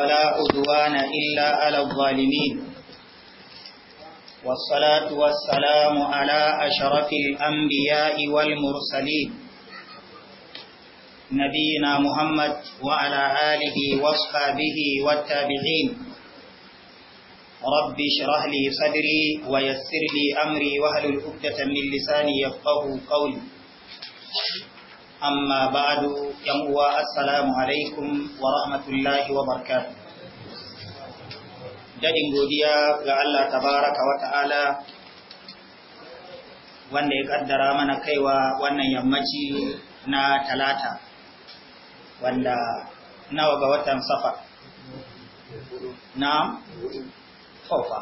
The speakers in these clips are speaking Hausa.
ولا عدوان إلا على الظالمين والصلاة والسلام على أشرف الأنبياء والمرسلين نبينا محمد وعلى آله وصحبه والتابعين رب اشرح لي صدري ويسر لي أمري واحلل عقدة من لساني يفقهوا قولي أما بعد yan uwa assalamu alaikum wa rahmatullahi wa barakatuh dadin godiya ga Allah tabaraka wa ta'ala wanda ya kaddara mana kaiwa wannan yammaci na talata wanda nawa ga watan safar na'am Kofa.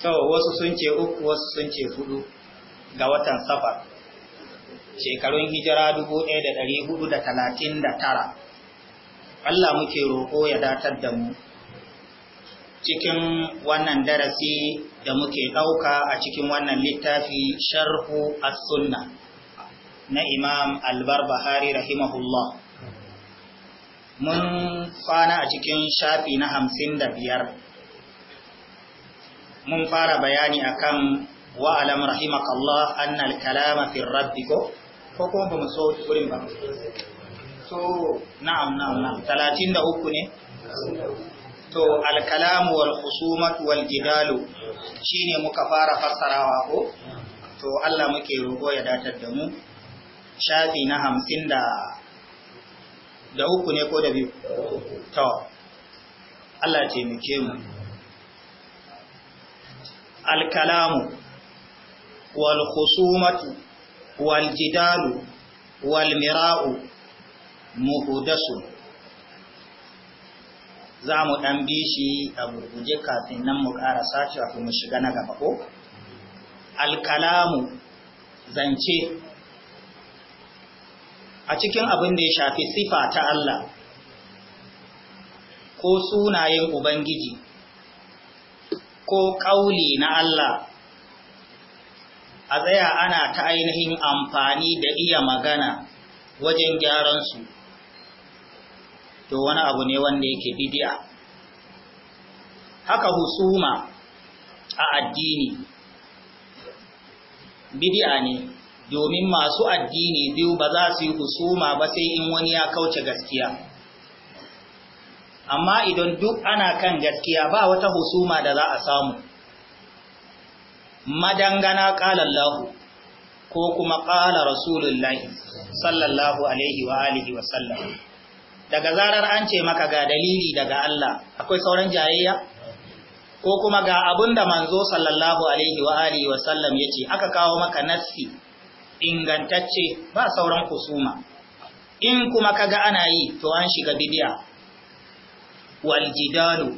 to wasu sun ce uku wasu sun ce hudu ga watan safar shekarun hijira dubu tara Allah muke roƙo ya datar da mu cikin wannan darasi da muke ɗauka a cikin wannan littafi sharhu as-sunna na imam albarbahari rahimahullah mun kwana a cikin shafi na hamsin da biyar mun fara bayani akan wa'alam rahimakallah annal kalama fi rabbi ko ko kuma ba mu so wurin ba so na'am na'am na'am talatin da uku ne to alkalamu wal husumat wal jidalu shine muka fara fassarawa ko to Allah muke roƙo ya datar da mu shafi na hamsin da da uku ne ko da biyu to Allah taimake mu alkalamu wal khusumatu waljidalu walmira'u muhudasu za mu ɗan bi shi a gurguje kafin nan mu ƙara shi mu shiga na gaba ko? Alkalamu zance a cikin abin da ya shafi sifa ta Allah ko sunayen Ubangiji ko ƙauli na Allah a tsaya ana ta ainihin amfani da iya magana wajen gyaransu to wani abu ne wanda yake bidiya haka husuma a addini bidiya ne domin masu addini biyu ba za su yi husuma ba sai in wani ya kauce gaskiya amma idan duk ana kan gaskiya ba wata husuma da za a samu madangana qala Allah ko kuma qala Rasulullahi sallallahu alaihi wa alihi wa sallam daga zarar an ce maka ga dalili daga Allah akwai sauran jayayya ko kuma ga abunda manzo sallallahu alaihi wa alihi wa sallam yace aka kawo maka nassi ingantacce ba sauran kusuma in kuma kaga ana yi to an shiga bidiya wal jidalu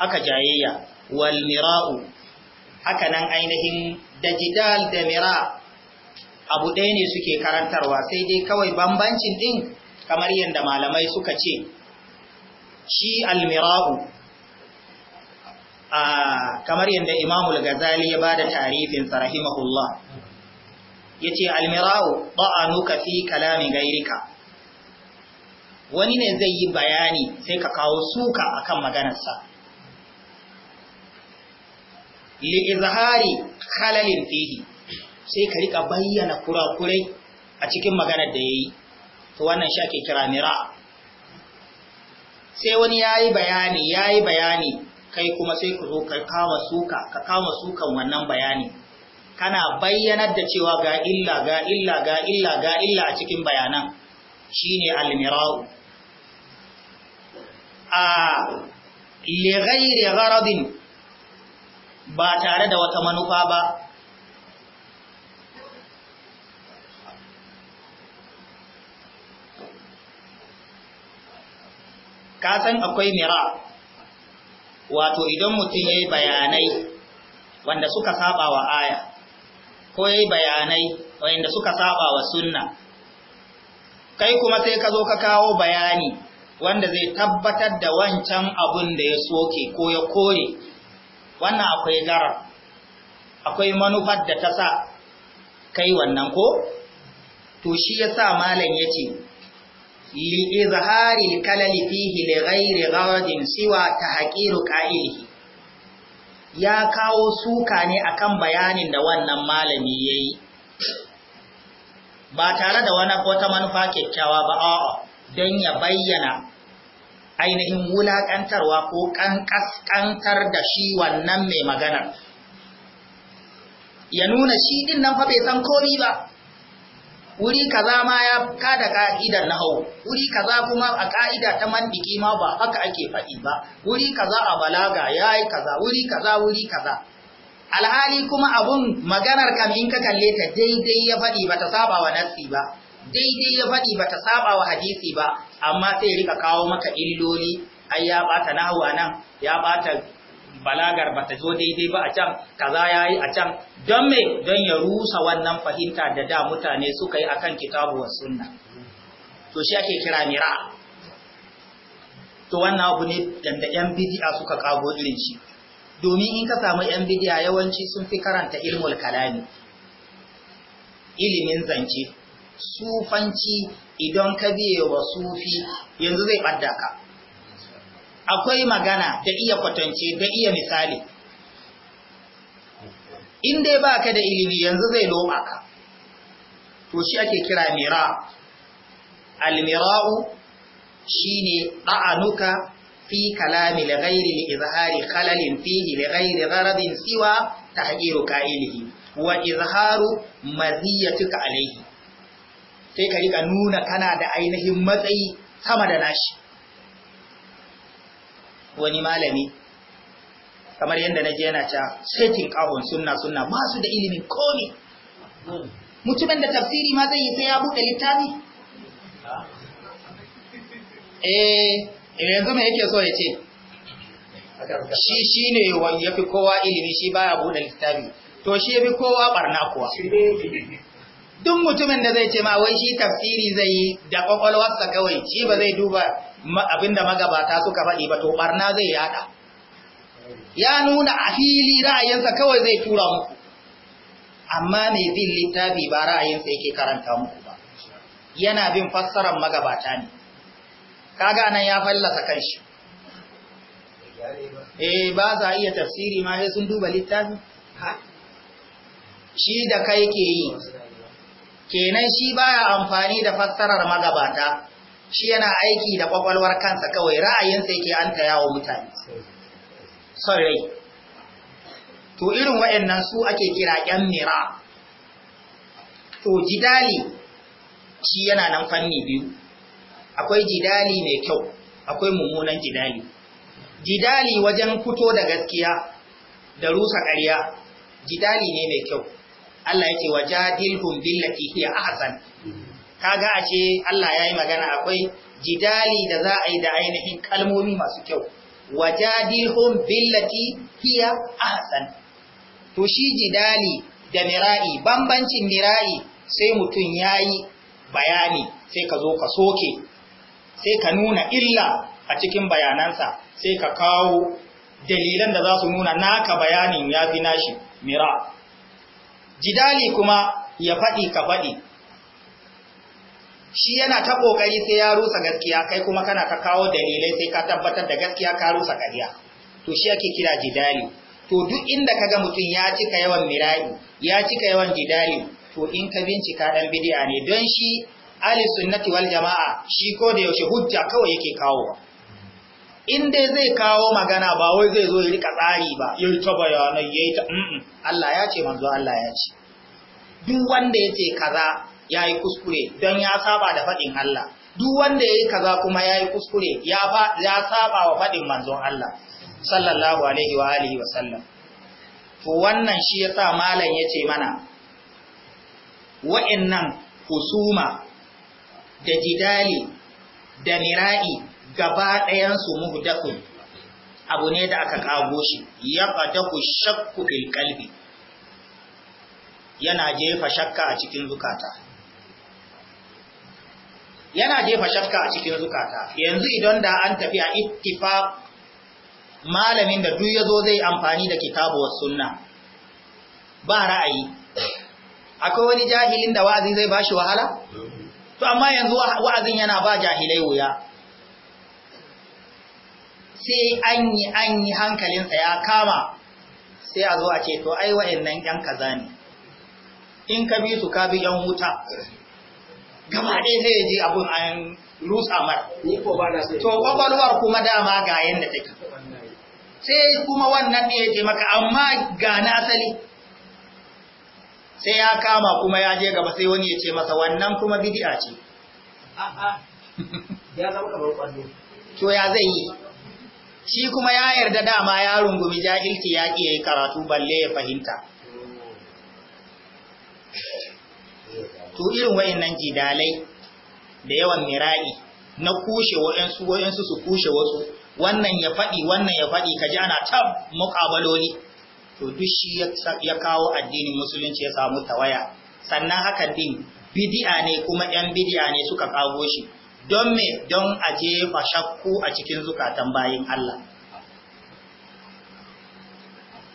aka jayayya wal mira'u Haka nan ainihin da Jidal da mira abu ɗaya ne suke karantarwa sai dai kawai bambancin ɗin kamar yadda malamai suka ce shi almira'u kamar yadda imamul gazali ya ba da tarifin sarahimahullah ya ce almira'u ba'anuka fi kalami gairika wani ne zai yi bayani sai ka kawo suka akan maganarsa li izhari khalalin fihi sai ka rika bayyana kurakurai a cikin maganar da yayi to wannan shi ake kira mira sai wani yayi bayani yayi bayani kai kuma sai ka zo ka kama sukan wannan bayani kana bayyanar da cewa ga illa ga illa ga illa ga illa a cikin bayanan shine almirau a li ghairi gharadin ba tare da wata manufa ba kasan akwai mira wato idan mutum ya yi bayanai wanda suka saba wa aya ko ya yi bayanai wanda suka saba wa sunna kai kuma sai ka zo ka kawo bayani wanda zai tabbatar da wancan abun da ya soke ko ya kore wannan akwai garar akwai manufar da ta sa kai wannan ko to shi ya sa malam yace li izharil kalali fihi li ghairi ghadin siwa tahqiru qa'ilihi ya kawo suka ne akan bayanin da wannan malami yayi ba tare da wani wata manufa kyakkyawa ba a'a don ya bayyana ainihin wulaƙantarwa ko ƙanƙasƙantar da shi wannan mai magana. ya nuna shi ɗin nan fa bai san komi ba wuri kaza ma ya kada ka'idar nahau wuri kaza kuma a ka'ida ta mandiki ma ba haka ake faɗi ba wuri kaza a balaga yayi kaza wuri kaza wuri kaza alhali kuma abun maganar kam in ka kalle ta daidai ya faɗi ba ta saba wa nassi ba daidai ya faɗi ba ta saba wa hadisi ba amma sai rika kawo maka illoli ai ya bata nahu nan ya bata balagar bata zo daidai ba a can kaza yayi a can don me don ya rusa wannan fahimta da da mutane suka yi akan kitabu wa sunna to shi ake kira mira to wannan abu ne da yan bid'a suka kago irin shi domin in ka samu yan bid'a yawanci sun fi karanta ilmul kalami ilimin zance sufanci idan ka biye wa sufi yanzu zai ɓadda ka akwai magana da iya kwatance da iya misali in dai baka da ilimi yanzu zai loma ka to shi ake kira mira almira'u shine ɗa'anuka fi kalami li ghairi li izhari khalalin fihi li ghairi gharabin siwa tahqiru ilimi wa izharu maziyatuka alayhi sai ka riƙa nuna kana da ainihin matsayi sama da nashi wani malami kamar yadda na je yana ca setin ƙahon sunna sunna masu da ilimin komi mutumin da tafsiri ma zai yi sai ya buɗe littafi eh, eh yanzu mai yake so ya ce shi shi ne wani ya fi kowa ilimi shi baya buɗe littafi to shi ya fi kowa ɓarna kuwa duk mutumin da zai ce ma wai shi tafsiri zai yi da kwakwalwarsa kawai shi ba zai duba abinda magabata suka faɗi ba to barna zai yada ya nuna a fili ra'ayinsa kawai zai tura muku amma mai bin littafi ba ra'ayinsa yake karanta muku ba yana bin fassarar magabata ne kaga nan ya fallasa kanshi eh ba za iya tafsiri ma sai sun duba littafi shi da kai ke yi kenan shi baya amfani da fassarar magabata shi yana aiki da kwakwalwar kansa kawai ra'ayinsa yake an ta yawo mutane sorry to irin wa'annan su ake kira yan mira to jidali shi yana nan fanni biyu akwai jidali mai kyau akwai mummunan jidali jidali wajen fito da gaskiya da rusa ƙarya jidali ne mai kyau Allah ya ce wa jadilhum billati hiya ahsan kaga a ce Allah ya yi magana akwai jidali da za a yi da ainihin kalmomi masu kyau wa jadilhum billati hiya ahsan to shi jidali da mira'i bambancin mira'i sai mutum yayi bayani sai ka zo ka soke sai ka nuna illa a cikin bayanansa sai ka kawo dalilan da za su nuna naka bayanin ya fi nashi mira jidali kuma ya faɗi ka faɗi shi yana ta ƙoƙari sai ya rusa gaskiya kai kuma kana ta kawo dalilai sai ka tabbatar da gaskiya ka rusa ƙarya to shi ake kira jidali to duk inda kaga mutum ya cika yawan mira'i ya cika yawan jidali to in ka bincika dan bidiya ne don shi ahli sunnati wal jama'a shi ko da yaushe hujja kawai yake kawowa in dai zai kawo magana ba wai zai zo ya rika tsari ba ya ta bayanai ya yi ta Allah ya ce manzo Allah ya ce duk wanda ya ce kaza ya yi kuskure don ya saba da faɗin Allah duk wanda ya yi kaza kuma ya yi kuskure ya saba wa faɗin manzo Allah sallallahu alaihi wa alihi wa sallam to wannan shi yasa malam yace mana wa'annan husuma da jidali da mira'i gaba ɗayansu muhdathun abu ne da aka kago shi ya ku shakku fil qalbi yana jefa shakka a cikin zukata yana jefa shakka a cikin zukata yanzu idan da an tafi a ittifaq malamin da duk yazo zai amfani da kitabu was sunna ba ra'ayi akwai wani jahilin da wa'azi zai bashi wahala to amma yanzu wa'azin yana ba jahilai wuya sai an yi an yi hankalinsa ya kama sai a zo a ce to ai nan yan kaza ne in ka bi su ka bi yan wuta gaba ɗaya sai ya ji abun an rusa mara to kwakwalwar kuma dama ga yadda take sai kuma wannan ne ya ce maka amma ga na asali sai ya kama kuma ya je gaba sai wani ya ce masa wannan kuma bidi'a ce ya zama kamar kwallo to ya zai yi shi kuma ya yarda dama ya rungumi jahilci ya ke yi karatu balle ya fahimta to irin wayannan jidalai da yawan mira'i na kushe wa'yansu su kushe wasu wannan ya faɗi wannan ya faɗi ka ji ana tab muƙabaloli to duk shi ya kawo addinin musulunci ya samu tawaya sannan haka din bidi'a ne kuma 'yan bidi'a ne suka kawo shi don me don a jefa shakku a cikin zukatan bayin Allah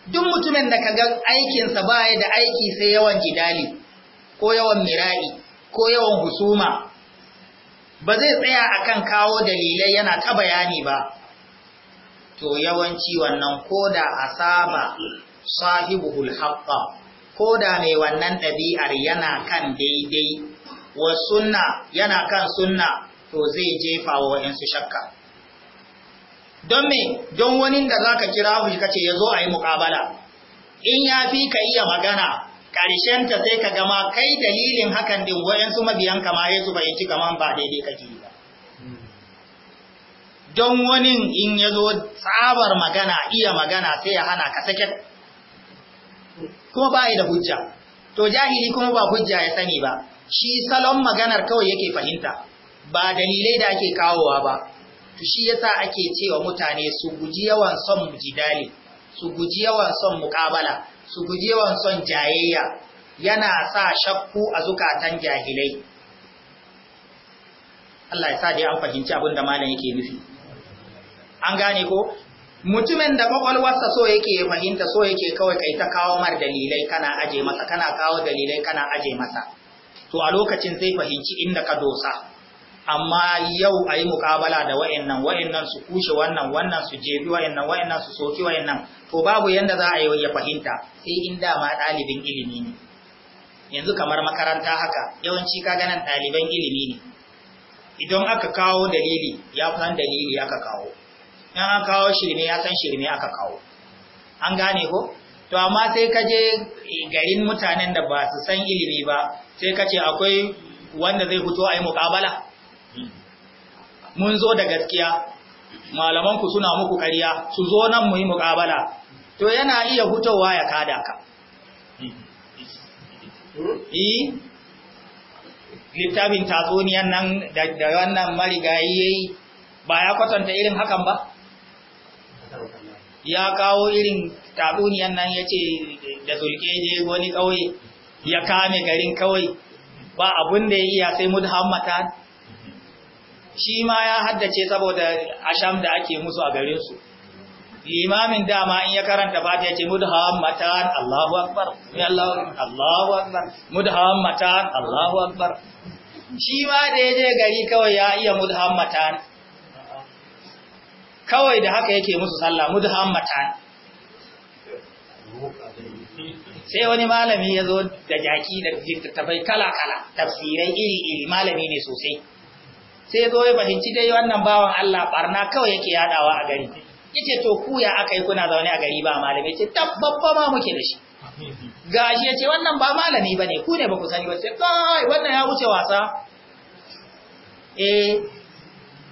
duk mutumin da ka ga aikinsa ba ya da aiki sai yawan jidali ko yawan mira'i ko yawan husuma ba zai tsaya akan kawo dalilai yana ta bayani ba to yawanci wannan koda asaba sahibul haqqa koda mai wannan ɗabi'ar yana kan daidai wa sunna yana kan sunna to zai jefa wa waɗansu shakka don me don wani da zaka ka kira shi kace ya zo a yi in ya fi ka iya magana ta sai ka gama kai dalilin hakan din waɗansu mabiyan kama ya su fahimci kaman ba daidai kake yi ba don wani in ya zo tsabar magana iya magana sai ya hana ka sake. kuma ba da hujja to jahili kuma ba hujja ya sani ba shi salon maganar kawai yake fahimta ba dalilai da ake kawowa ba to shi yasa ake cewa mutane su guji yawan son jidali su guji yawan son muƙabala su guji yawan son jayayya yana sa shakku a zukatan jahilai Allah ya sa dai an fahimci abin da malam yake nufi an gane ko mutumin da kwakwalwarsa so yake ya fahimta so yake kawai kai ta kawo mar dalilai kana aje masa kana kawo dalilai kana aje masa to a lokacin zai fahimci inda ka dosa amma yau a yi mukabala da wa’in nan su kushe wannan wannan su jebi wa’in nan su soki nan to babu yadda za a yi ya fahimta sai in dama ɗalibin ilimi ne yanzu kamar makaranta haka yawanci ka ganin ɗaliban ilimi ne idan aka kawo dalili ya fi dalili aka kawo in an kawo shirme ya san shirme aka kawo an gane ko to amma sai ka je garin mutanen da ba su san ilimi ba sai ka ce akwai wanda zai fito a yi muƙabala mun zo da gaskiya malamanku suna muku ƙarya su zo nan mu yi muƙabala to yana iya hutowa ya kada ka yi littafin tatsuniyan nan da wannan marigayi ya yi ba ya kwatanta irin hakan ba ya kawo irin tatsuniyan nan ya ce da zulke je wani kawai ya kame garin kawai ba abin da ya iya sai mudhammatan shi ma ya haddace saboda asham da ake musu a gare su limamin dama in ya karanta fatiha ce mudhammatan Allahu akbar ya Allah Allahu akbar mudhammatan Allahu akbar shi ma da yaje gari kawai ya iya mudhammatan kawai da haka yake musu sallah mudhammatan sai wani malami ya zo da jaki da littattafai kala-kala tafsirai iri-iri malami ne sosai sai zo ya fahimci dai wannan bawan Allah barna kawai yake yadawa a gari yace to ku ya aka yi kuna zaune a gari ba malami yace tabbabba ma muke da shi gashi yace wannan ba malami bane ku ne ba ku sani ba sai kai wannan ya wuce wasa eh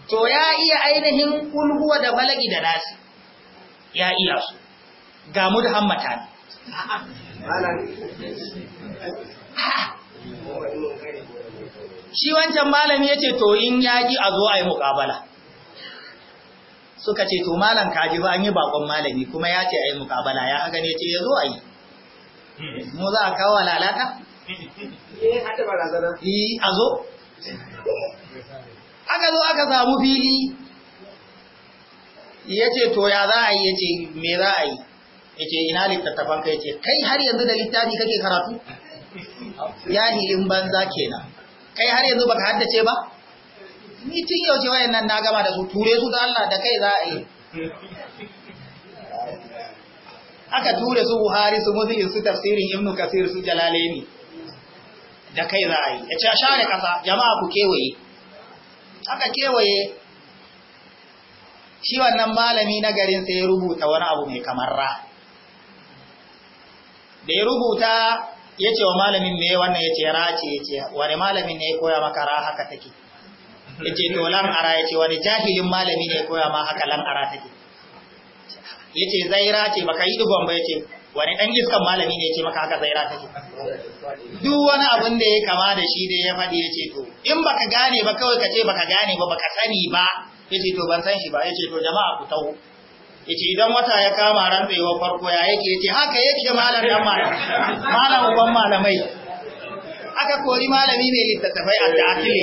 to ya iya ainihin kulhuwa da balagi da nasi ya iya su ga mu da shi wancan malami ya ce to in yaƙi a zo a yi muƙabala suka ce to malam kaji ba an yi bakon malami kuma yace ayi a yi muƙabala ya haka ne ce ya zo a yi mu za a kawo lalata? yi eh, eh, a zo aka zo aka samu fili ya ce to ya za a yi ya ce me za a yi ya ce ina littattafanka ka ya ce kai har yanzu da littafi kake karatu ya hilin banza kenan kai har yanzu baka haddace ba ni tun yauke nan na gama da su ture su da Allah da kai za a yi aka ture su buhari su muslim su tafsirin ibn kasir su jalalaini da kai za a yi ya ce a share kasa jama'a ku kewaye aka kewaye shi wannan malami na garin sai ya rubuta wani abu mai kamar ra da ya rubuta ya ce wa malamin me wannan ya ce race ya ce wani malamin ne ya koya maka ra haka take ya ce to lan ya ce wani jahilin malami ne ya koya ma haka ara take ya ce zai ce baka yi dubon ba ya ce wani dan iskan malami ne ya ce maka haka race take duk wani abin da ya kama da shi da ya faɗi ya ce to in baka gane ba kawai ka ce baka gane ba baka sani ba ya ce to ban san shi ba ya ce to jama'a ku tau. yace idan wata ya kama rantsewa farko ya yake yace haka yake malam dan malam malam uban malamai aka kori malami mai littattafai a dakile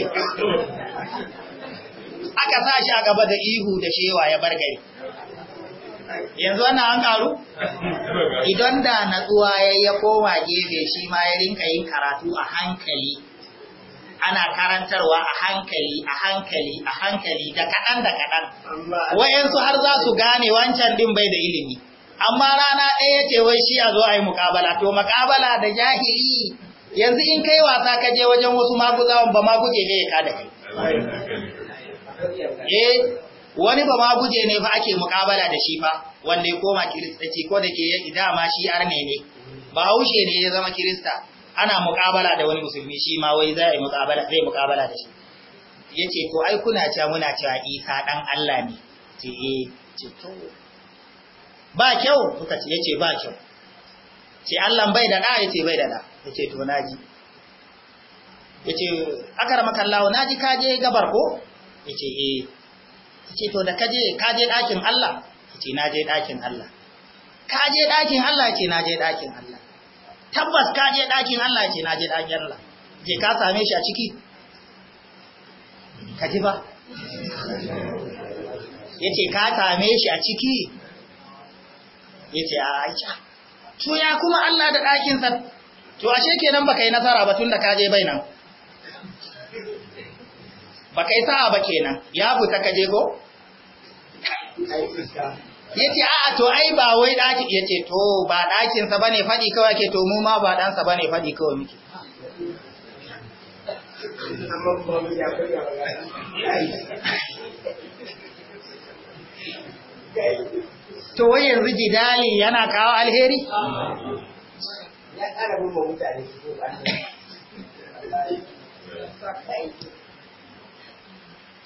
aka sa shi a gaba da ihu da shewa ya bar gari yanzu wannan an karu idan da natsuwa ya koma gefe shi ma ya rinka yin karatu a hankali ana karantarwa a hankali a hankali a hankali da kaɗan da kaɗan wa'yansu har za su gane wancan ɗin bai da ilimi amma rana ɗaya ce wai shi a zo a yi muƙabala to muƙabala da jahili yanzu in kai wasa ka je wajen wasu maguzawan ba maguje ne ya da kai eh wani ba maguje ne fa ake muƙabala da shi fa wanda ya koma kiristanci ko da ke dama shi arne ne ba haushe ne ya zama kirista ana muƙabala da wani musulmi shi ma wai zai muƙabala zai muƙabala da shi yace to ai kuna cewa muna cewa Isa eh, dan Allah ne ce eh ce to ba kyau suka ce yace ba kyau ce Allah bai da da yace bai da da yace to naji yace akramaka Allah naji kaje gabar ko yace eh yace to da kaje kaje ɗakin Allah yace naje ɗakin Allah kaje ɗakin Allah yace naje ɗakin Allah tabbas ka je ɗakin Allah ce na je ɗakin Allah je ka same shi a ciki ka ji ba ya ce ka same shi a ciki ya ce a aisha ah, to ya kuma Allah da ɗakinsa to ashe kenan baka yi nasara ba tun da ka je bai nan baka yi sa'a ba kenan ya fita ka je ko? yace a to ai ba wai daki yace to ba dakin sa bane fadi kawai ke to mu ma ba dan sa bane fadi kawai muke to wai yanzu jidali yana kawo alheri ya kara mutane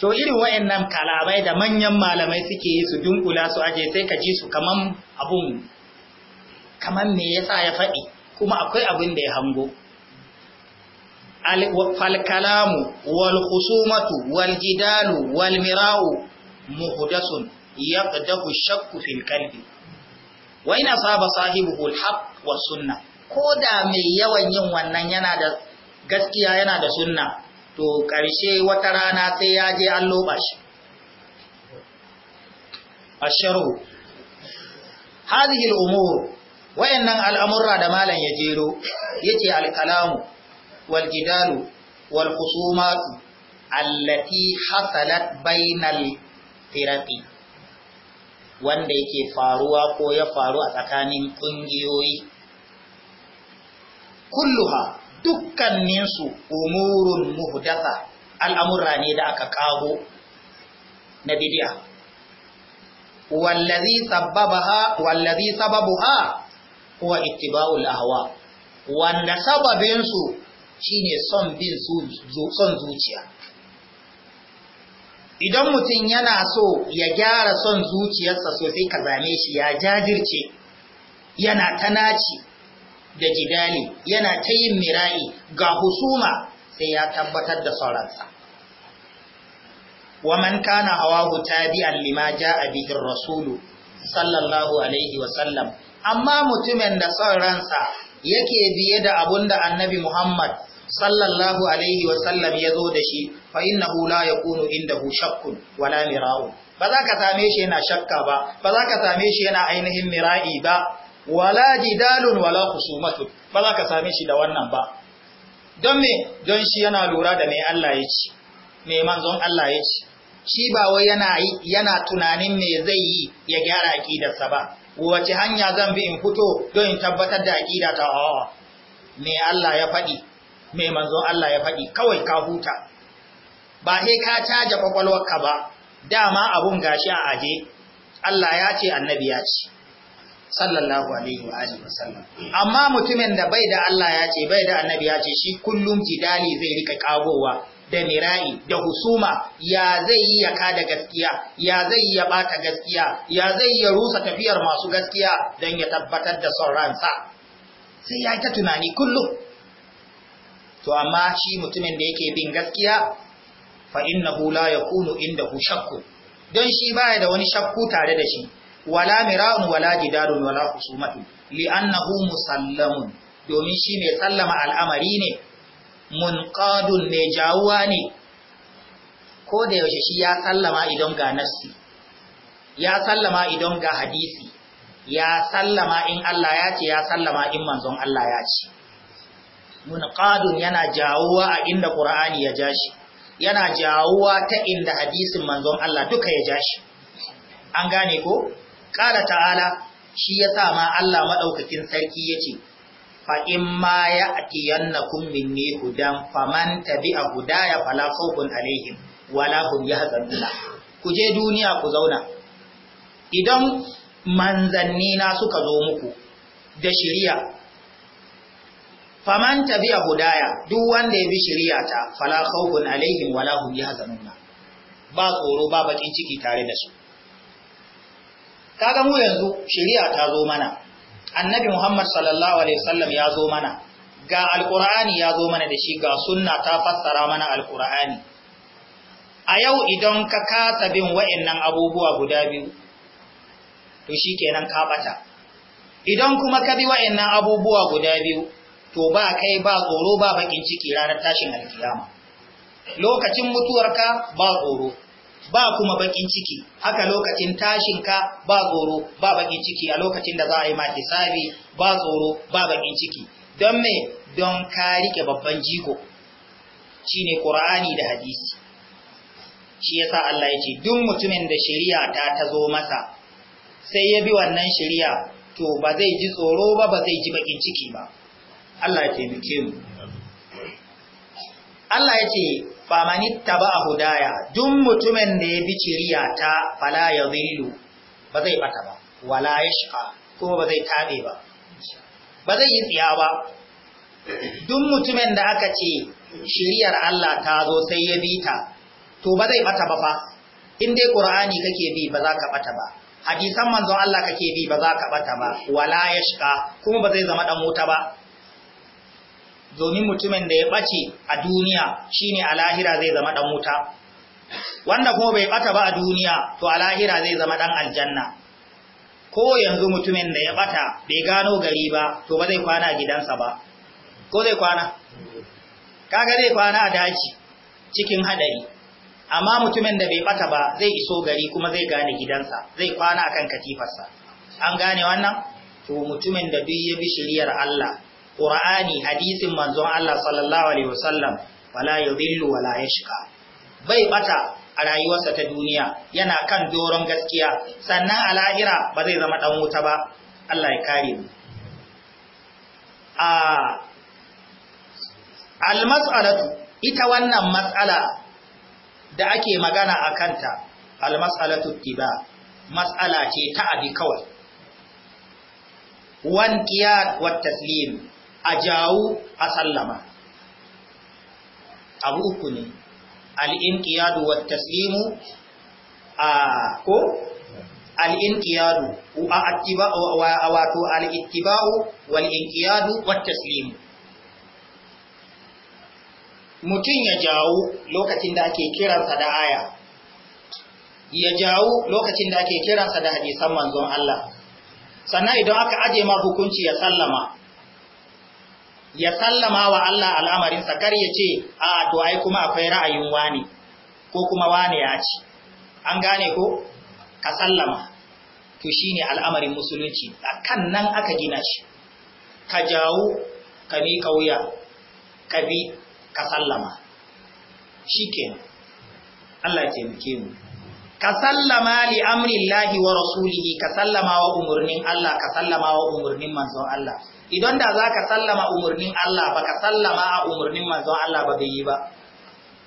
to irin wayannan kalabai da manyan malamai suke yi su dunkula su aje sai ka ji su kaman abun kaman me yasa ya faɗi kuma akwai abin da ya hango falkalamu wal khusumatu wal jidalu wal mira'u muhdasun yaqdahu shakku fil qalbi wa ina saba sahibuhu al haqq wa sunnah koda mai yawan yin wannan yana da gaskiya yana da sunna to ƙarshe wata rana sai ya je an loba shi asharu hadhihi al-umur wayannan al'amurra da malam ya jero yace al-kalamu wal jidalu wal khusumatu allati hasalat bainal firati wanda yake faruwa ko ya faru a tsakanin kungiyoyi kulluha dukkaninsu umurun muhdatha al'amura ne da aka kago na bidiya wallazi sababaha wallazi sababuha huwa ittiba'ul ahwa wanda sababin su shine son bin son zuciya idan mutum yana so ya gyara son zuciyarsa sosai ka zame shi ya jajirce yana tanaci da jidali yana ta yin mira'i ga husuma sai ya tabbatar da sauransa wa man kana hawahu tabi'an lima ja'a bihi rasulu sallallahu alaihi wa sallam amma mutumin da sauransa yake biye da abunda annabi Muhammad sallallahu alaihi wa sallam ya zo da shi fa innahu la yakunu indahu shakkun wala mira'u ba za ka same shi yana shakka ba ba za ka same shi yana ainihin mira'i ba wala jidalun wala khusumatu ba za ka same shi da wannan ba don me don shi yana lura da me Allah ya ci me manzon Allah ya ci shi ba wai yana yana tunanin me zai yi ya gyara aqidarsa ba wace hanya zan bi in fito don in tabbatar da aqida ta a'a me Allah ya faɗi me manzon Allah ya faɗi kawai ka huta ba sai ka caja kwakwalwarka ba dama abun gashi a aje Allah ya ce annabi ya ce sallallahu alaihi wa alihi wasallam amma mutumin da bai da Allah ya ce bai da annabi ya ce shi kullum jidali zai rika kagowa da mira'i da husuma ya zai yi ya kada gaskiya ya zai ya bata gaskiya ya zai ya rusa tafiyar masu gaskiya don ya tabbatar da son ransa sai ya ta tunani kullum to amma shi mutumin da yake bin gaskiya fa innahu la yakunu inda shakku don shi baya da wani shakku tare da shi wala mira'un wala jidalun wala khusumatu li'annahu musallamun domin shi mai sallama al'amari ne munqadun mai jawuwa ne ko da yaushe shi ya sallama idan ga nassi ya sallama idan ga hadisi ya sallama in Allah ya ce ya sallama in manzon Allah ya ce munqadun yana jawuwa a inda qur'ani ya jashi yana jawuwa ta inda hadisin manzon Allah duka ya jashi an gane ko kala ta'ala shi ya sa ma Allah maɗaukakin sarki ya ce, Fa'in ma ya atiyan na kummin ne hudan faman tabi a hudaya fala sokun alaihim, wala hun ya Ku je duniya ku zauna. Idan manzanni na suka zo muku da shirya faman tabi'a hudaya duk wanda ya bi ta fala khawfun alaihim wala hum yahzanun ba tsoro ba bakin ciki tare da su kaga mu yanzu shari'a ta zo mana annabi Muhammad sallallahu alaihi wasallam ya zo mana ga alqur'ani ya zo mana da shi ga sunna ta fassara mana alqur'ani a yau idan ka kasa bin wa'annan abubuwa guda biyu to shikenan ka bata idan kuma ka bi wa'annan abubuwa guda biyu to ba kai ba tsoro ba bakin ciki ranar tashin alkiyama lokacin mutuwarka ba tsoro ba kuma bakin ciki haka lokacin tashinka ba tsoro ba bakin ciki a lokacin da za a yi ma hisabi ba tsoro ba bakin ciki don me don ka rike babban jigo shine qur'ani da hadisi shi yasa Allah ya ce duk mutumin da shari'a ta zo masa sai ya bi wannan shari'a to ba zai ji tsoro ba ba zai ji bakin ciki ba Allah ya taimake mu Allah ya ce famani ba a hudaya duk mutumin da ya bi ciriya ta fala ya zillu ba zai bata ba wala ya shiƙa kuma ba zai taɓe ba ba zai yi tsiya ba duk mutumin da aka ce shiriyar Allah ta zo sai ya bi ta to ba zai bata ba fa in dai ƙur'ani kake bi ba za ka bata ba hadisan manzon Allah kake bi ba za ka bata ba wala ya shiƙa kuma ba zai zama ɗan wuta ba domin mutumin da ya bace a duniya shine a lahira zai zama ɗan wuta wanda ko bai ɓata ba a duniya to a lahira zai zama ɗan aljanna ko yanzu mutumin da ya ɓata bai gano gari ba to ba zai kwana gidansa ba ko zai kwana kaga zai kwana a daji cikin haɗari amma mutumin da bai bata ba zai iso gari kuma zai gane gidansa zai kwana akan katifarsa an gane wannan to mutumin da duk ya bi shiriyar Allah Qur'ani hadisin manzon Allah sallallahu alaihi wasallam wala yudhillu wala yashqa bai bata a rayuwarsa ta duniya yana kan doron gaskiya sannan a lahira ba zai zama dan wuta ba Allah ya kare mu a almas'alatu ita wannan matsala da ake magana a kanta almas'alatu tiba matsala ce ta abi kawai wan qiyad wat taslim a jawo a sallama abu uku ne al'inƙiyadu wa taslimu a ko al'inƙiyadu a wato al'ittiba'u wal'inƙiyadu wa taslimu mutum ya jawo lokacin da ake kiransa da aya ya jawo lokacin da ake kiransa da hadisan manzon Allah sannan idan aka aje ma hukunci ya sallama ya sallama wa Allah al'amarinsa kar ya ce, "A, to, ai kuma akwai ra'ayin wani, ko kuma wani ya ci, an gane ko, ka sallama, to shi ne al'amarin musulunci, a kan nan aka gina shi, ka jawo, ka mi kauya ka bi, ka sallama, shi ke, Allah ya taimake mu. Ka sallama li amrillahi wa rasulihi, ka sallama wa umarnin Allah, ka sallama wa umarnin manzon Allah. idan da zaka sallama umarnin Allah ba ka sallama a umarnin manzon Allah ba bai yi ba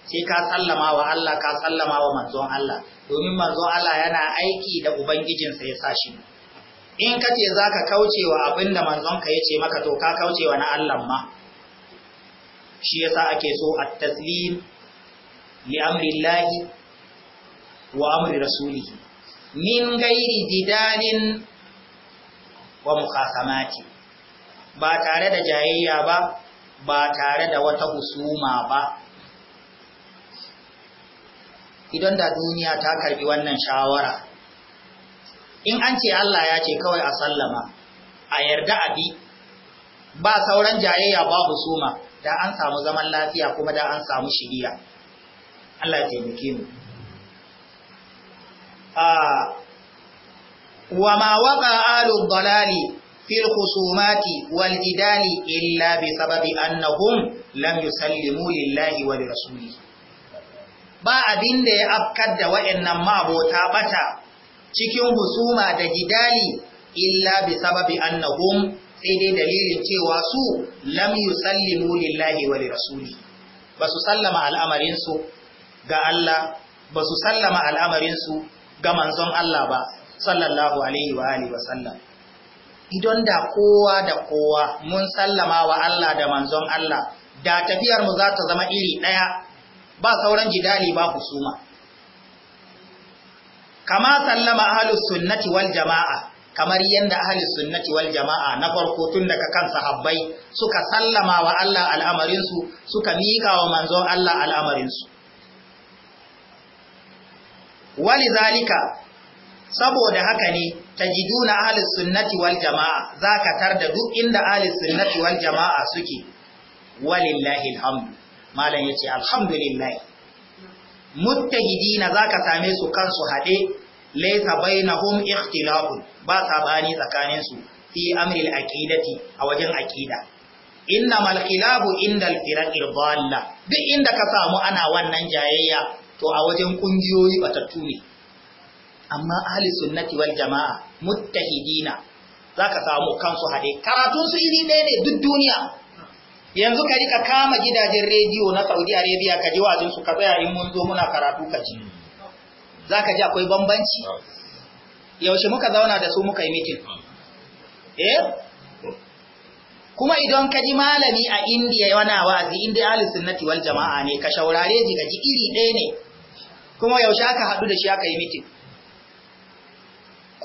sai ka sallama wa Allah ka sallama wa manzon Allah domin manzon Allah yana aiki da ubangijinsa ya sa shi in ka ce za ka kauce wa abin manzon ka ya ce maka to ka kauce wa na Allah ma shi yasa ake so a taslim li amri Allah wa amri rasulihi min gairi didanin wa muqasamati ba tare da jayayya ba ba tare da wata husuma ba idan da duniya ta karbi wannan shawara in an ce Allah ya ce kawai a sallama a yarda abi ba sauran jayayya ba husuma da an samu zaman lafiya kuma da an samu shiriya Allah ya taimake mu a ah, wa ma waqa alu dhalali fil khusumati wal jidali illa bi sababi annahum lam yusallimu lillahi wa rasuli ba abin da ya afkar da wayannan mabota bata cikin husuma da jidali illa bi sababi annahum sai dai dalilin cewa su lam yusallimu lillahi wa rasuli ba su sallama al'amarinsu ga Allah ba su sallama al'amarin ga manzon Allah ba sallallahu alaihi wa alihi wa sallam idan da kowa da kowa mun sallama wa Allah da manzon Allah da tafiyar mu za ta zama iri ɗaya ba sauran jidali ba husuma kama sallama ahlus sunnati wal jama'a kamar yadda ahlus sunnati wal jama'a na farko tun daga kan sahabbai suka sallama wa Allah al'amarin su suka mika wa manzon Allah al'amarin su walizalika saboda haka ne tajiduna ahlus sunnati wal jamaa zaka tarda duk inda ahlus sunnati wal jamaa suke walillahi alhamdu malam yace alhamdulillah muttahidina zaka same su kansu hade laysa bainahum ikhtilafun ba sabani tsakanin su fi amri al a wajen aqida innamal khilafu indal firaqil dhalla duk inda ka samu ana wannan jayayya to a wajen kungiyoyi batattu ne amma ahli sunnati wal jama'a muttahidina zaka samu kansu hade karatun su iri ɗaya ne duk duniya yanzu ka rika kama gidajen rediyo na Saudi Arabia ka ji wajin su ka tsaya in mun zo muna karatu ka ji zaka ji akwai bambanci yaushe muka zauna da su muka yi mitin eh kuma idan ka ji malami a indiya yana wa'azi inda ahli sunnati wal jama'a ne ka shaurare ji ka ji iri ɗaya ne kuma yaushe aka haɗu da shi aka yi mitin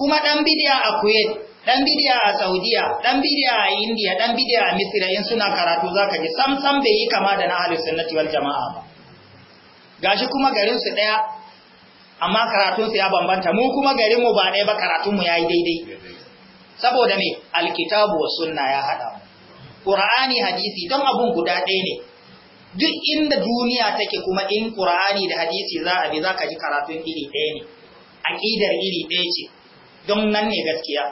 kuma ɗan bidiya a Kuwait dan bidiya a Saudiya, ɗan bidiya a Indiya, ɗan bidiya a Misira in suna karatu za ka ji sam sam bai yi kama da na Ahlus na wal Jama'a ba. Gashi kuma garinsu ɗaya, daya amma karatunsu ya bambanta mu kuma garinmu ba daya ba karatunmu ya yi daidai. Saboda me alkitabu wa sunna ya haɗa. mu. hadisi don abun guda ɗaya ne. Duk inda duniya take kuma in Ƙura'ani da hadisi za a bi ka ji karatun iri ɗaya ne. Aƙidar iri ɗaya ce. don nan ne gaskiya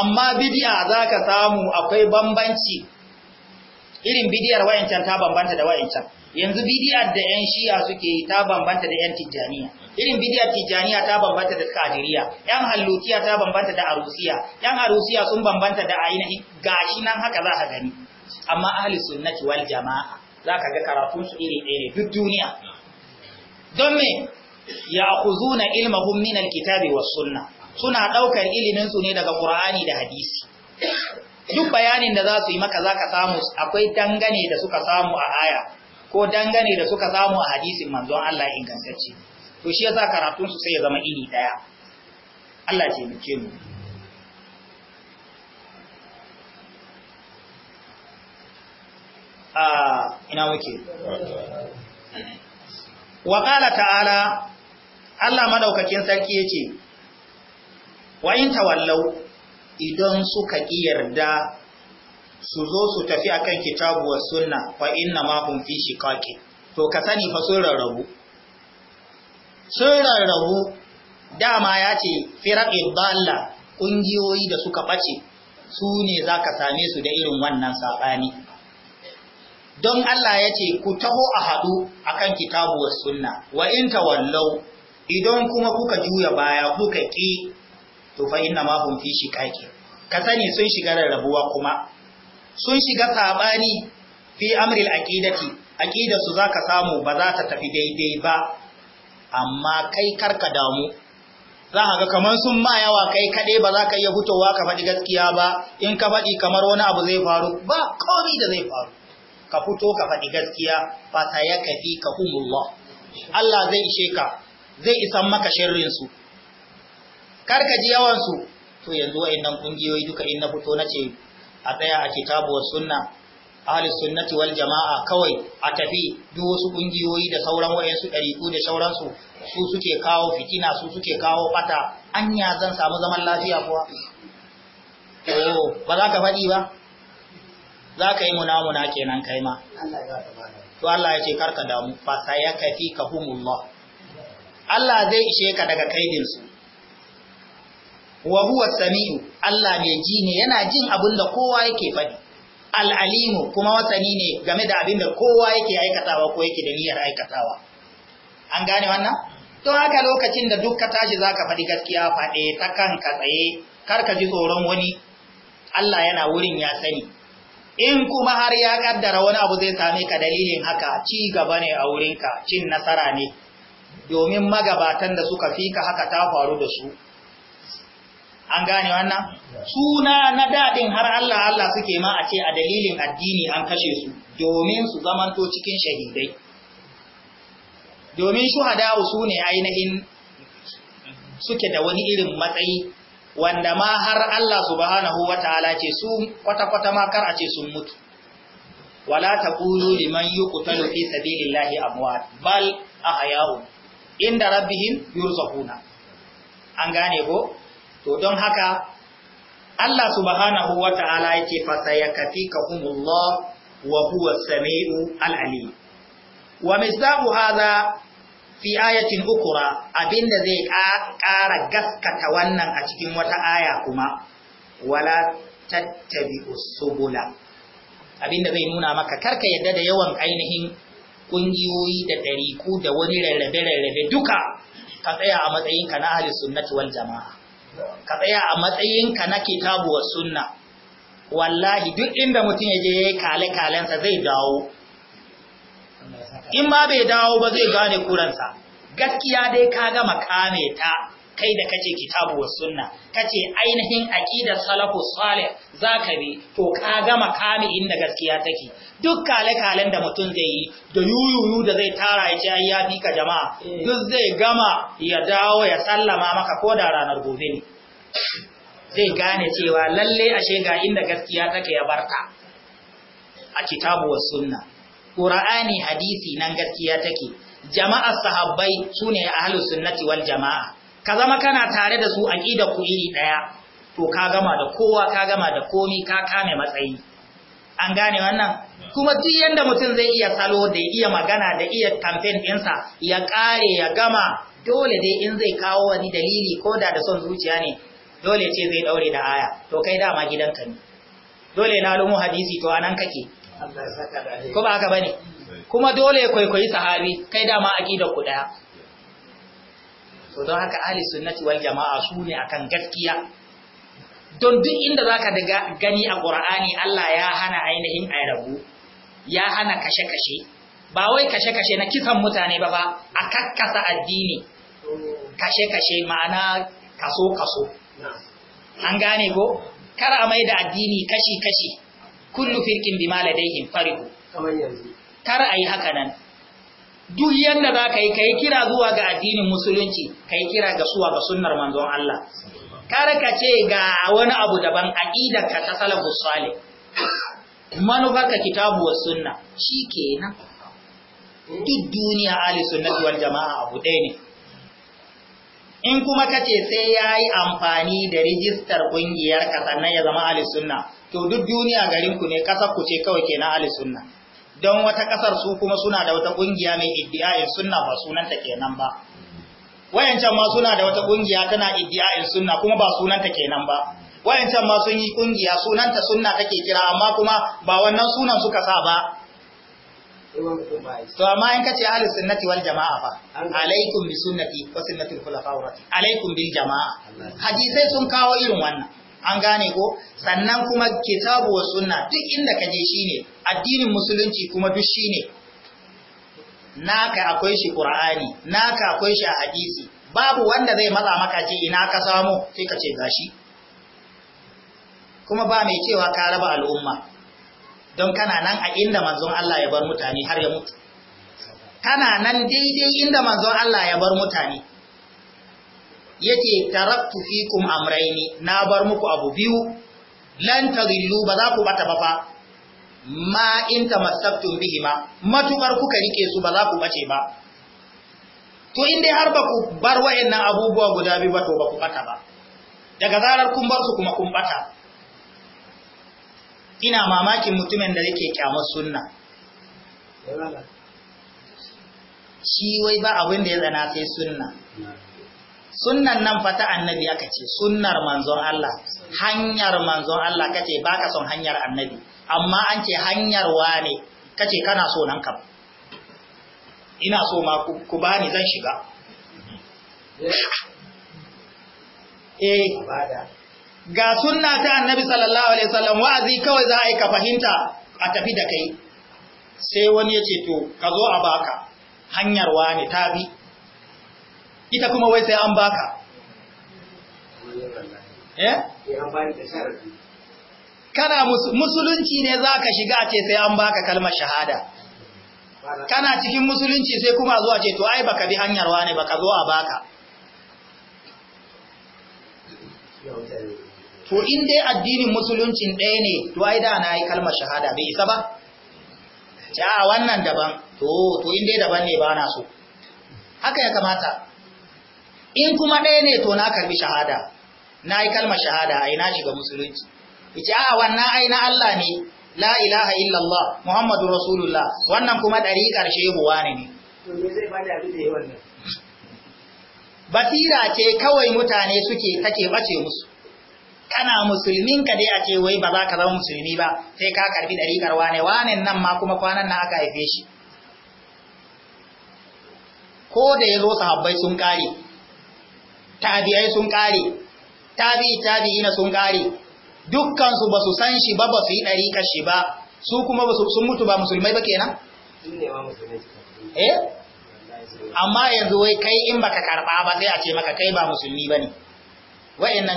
amma bidiya za ka samu akwai bambanci irin bidiyar wayancan ta bambanta da wayancan yanzu bidiyar da 'yan shiya suke yi ta bambanta da 'yan tijjaniya irin bidiyar tijjaniya ta bambanta da kadiriya 'yan hallukiya ta bambanta da arusiya 'yan arusiya sun bambanta da ainihin gashi nan haka za ka gani amma ahli sunnati wal jama'a za ka ga karatunsu iri ɗaya ne duk duniya don me ya akuzuna ilmahum min alkitabi was sunnah suna ɗaukar iliminsu ne daga ƙur'ani da hadisi duk bayanin da za su yi maka za ka samu akwai dangane da suka samu a aya ko dangane da suka samu a hadisin manzon Allah in ingantacce to shi yasa su sai ya zama iri ɗaya Allah ya muke mu a ah, ina muke wa ta'ala Allah madaukakin sarki yace wayin tawallau idan suka ƙi yarda su zo su tafi akan kitabu wa sunna fa inna ma hum fi kake to ka sani fa sun rarrabu sun rarrabu dama ya ce firaqi dalla kungiyoyi da suka ɓace su ne zaka same su da irin wannan sabani don Allah ya ce ku taho a haɗu akan kitabu wa sunna wa in tawallau idan kuma kuka juya baya kuka ƙi to fa inna ma hum fi shiqaqi ka sani sun shiga rarrabuwa kuma sun shiga sabani fi amril aqidati aqida su zaka samu ba za ta tafi daidai ba amma kai karka damu za ka ga kamar sun ma yawa kai kaɗai ba za ka iya fitowa ka faɗi gaskiya ba in ka faɗi kamar wani abu zai faru ba komai da zai faru ka fito ka faɗi gaskiya ba ta ya kafi ka humullah Allah zai ishe ka zai isan maka su kar ka ji yawan su to yanzu wa'annan kungiyoyi duka in na fito nace a tsaya a kitabu sunna ahli sunnati wal jama'a kawai a tafi duk wasu kungiyoyi da sauran wayansu dariku da sauran su su suke kawo fitina su suke kawo bata anya zan samu zaman lafiya kuwa ba za ka faɗi ba za ka yi munamuna kenan kai ma to Allah ya ce karka damu fa fi kahumullah Allah zai ishe ka daga kaidinsu wa huwa sami'u Allah mai ji ne yana jin abin da kowa yake faɗi al'alimu kuma wasani ne game da abin da kowa yake aikatawa ko yake da niyyar aikatawa an gane wannan to haka lokacin da duk ka tashi zaka faɗi gaskiya faɗe ta kanka tsaye kar ka ji tsoron wani Allah yana wurin ya sani in kuma har ya kaddara wani abu zai same ka dalilin haka ci gaba ne a wurinka cin nasara ne domin magabatan da suka fika haka ta faru da su an gane wannan suna na dadin har Allah Allah suke ma a ce a dalilin addini an kashe su domin su zamanto cikin shahidai domin shuhada su ne ainihin suke da wani irin matsayi wanda ma har Allah subhanahu wataala ce su kwata-kwata ma kar a ce sun mutu wala taqulu liman yuqtalu fi sabilillahi amwat bal ahya'un inda rabbihim yurzaquna an gane ko to don haka Allah subhanahu wa ta'ala yake fasa ya kafi ka humullah wa huwa sami'u al'ali. Wa misdahu haza fi ayatin ukura abinda zai ƙara gaskata wannan a cikin wata aya kuma, wala tattabi usubula. Abinda zai nuna maka karka yadda da yawan ainihin ƙungiyoyi da ɗariku da wani rarrabe-rarrabe duka ka tsaya a matsayinka na ahalin sunnati wal jama'a. ka tsaya a matsayinka na kitabu wa sunna wallahi duk inda mutum ya je kale-kalensa zai dawo in ma bai dawo ba zai gane kuransa gaskiya dai ka gama kame ta kai da kace kitabu wa sunna kace ainihin aqidar salafu salih zaka bi to ka gama kame inda gaskiya take duk kale-kalen da mutum zai yi da yuyuyu da zai tara ya ce ya ka jama'a eh. duk zai gama ya dawo ya sallama maka ko da ranar gobe ne zai gane cewa lalle ashe ga inda gaskiya take ya barka a kitabu wa sunna qur'ani hadisi nan gaskiya take Jama'a sahabbai sune ahlus sunnati wal jama'a ka zama kana tare da su aqida ku iri ɗaya. to ka gama da kowa ka gama da komi ka kame matsayi an gane wannan kuma duk yanda mutum zai iya salo da iya magana da iya campaign ɗinsa ya kare ya gama dole dai in zai kawo wani dalili ko da da son zuciya ne dole ce zai daure da aya to kai dama gidanka ne dole na lumu hadisi to anan kake ko ba haka bane kuma dole ya kwaikwayi sahabi kai dama aqida ku daya to don haka ahli sunnati wal jamaa su ne akan gaskiya don duk inda za ka daga gani a ƙura'ani Allah ya hana ainihin a ya hana kashe-kashe ba wai kashe-kashe na kisan mutane ba ba a kakkasa addini kashe-kashe ma'ana kaso-kaso an gane ko kar a mai da addini kashi-kashi kullu firkin bi maladaihim farihu kar a yi haka nan duk yadda za ka yi ka yi kira zuwa ga addinin musulunci ka yi kira ga suwa ga sunnar manzon Allah ka ce ga wani abu daban ka ta salafus salih manufarka kitabu was sunna shikenan duk duniya ahli sunnati wal jamaa abu ɗaya ne in kuma kace sai yayi amfani da rijistar kungiyar ka sannan ya zama ahli sunna to duk duniya garin ku ne kasar ku ce kawai kenan ahli sunna don wata kasar su kuma suna da wata kungiya mai iddiayin sunna ba sunanta kenan ba wayancan ma suna da wata kungiya tana iddiya'in sunna kuma ba sunanta kenan ba wayancan ma sun yi kungiya sunanta sunna take kira amma kuma ba wannan sunan suka sa ba to amma in kace ahli sunnati wal jama'a fa alaikum bi sunnati wa sunnati al-khulafa alaikum bil jama'a hadisi sun kawo irin wannan an gane ko sannan kuma kitabu wa sunna duk inda kaje shine addinin musulunci kuma duk shine naka akwai shi Qur'ani, naka akwai shi a hadisi babu wanda zai matsa maka ce ina ka samu sai ka ce gashi kuma ba mai cewa ka raba al'umma don kana nan a inda manzon Allah ya bar mutane har ya mutu kana nan daidai inda manzon Allah ya bar mutane yace taraktu fikum amrayni na bar muku abu biyu lan tadillu ba za ku bata ba fa ma in tamassaktum ma, matukar kuka rike su ba za ku bace ba to in dai har ba ku bar wayannan abubuwa guda biyu ba to ba ku bata ba daga zarar kun bar su kuma kun bata ina mamakin mutumin da yake kyamar sunna shi wai ba abin da ya tsana sai sunna sunnan nan fa ta annabi aka ce sunnar manzon Allah hanyar manzon Allah kace baka son hanyar annabi amma an ce hanyar ne kace kana so nan kam ina so ma ku bani zan shiga eh ga sunna ta annabi sallallahu alaihi wasallam wa'azi kawai za a yi ka fahimta a tafi da kai sai wani yace to ka zo a baka hanyar ne ta bi ita kuma wai sai an baka eh eh an bani ta sharadi kana musulunci ne za ka shiga ce sai an baka kalmar shahada kana cikin musulunci sai kuma zuwa ce to ai baka bi hanyar wane baka zo a baka to in dai addinin musuluncin ɗaya ne to ai da na yi kalmar shahada bai isa ba a wannan daban to to in dai daban ne ba na so haka ya kamata in kuma ɗaya ne to na karbi shahada na yi kalmar shahada ai na shiga musulunci yace a wannan aina Allah ne la ilaha illallah muhammadu rasulullah wannan kuma dariƙar shehuwa ne ne basira ce kawai mutane suke take bace musu kana musulmin ka dai a ce wai ba za ka zama musulmi ba sai ka karbi dariƙar wane wane nan ma kuma kwanan nan aka haife shi ko da ya zo sahabbai sun kare tabi'ai sun kare tabi'i tabi'ina sun ƙare. dukkansu ba su san shi ba ba su yi ba su kuma ba sun mutu ba musulmai ba kenan? eh amma yanzu wai kai in baka karɓa ba sai a ce maka kai ba musulmi ba ne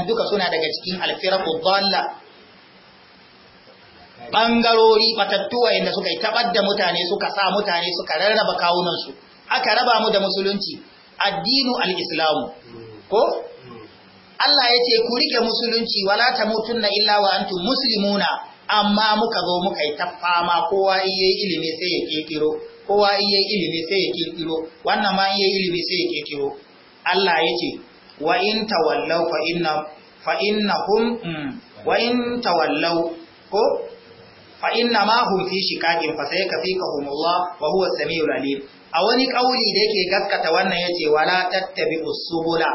duka suna daga cikin ko dalla. ɓangarori batattu wa'anda suka yi da mutane suka sa mutane suka rarraba kawunansu aka raba mu da musulunci addinu al-islamu hmm. ko Allah ya ce ku rike musulunci wala mutunna illa wa antum muslimuna amma muka zo muka yi ta fama kowa iya ilimi sai ya kirkiro kowa iya ilimi sai ya kirkiro wannan ma iya ilimi sai ya kirkiro Allah ya ce wa in tawallau fa inna fa innahum hmm, wa in tawallau ko fa inna ma hum fi shiqaqin fa sayakfikahumullah wa huwa samiul alim a wani kauli da yake gaskata wannan yace wala tattabi'us subula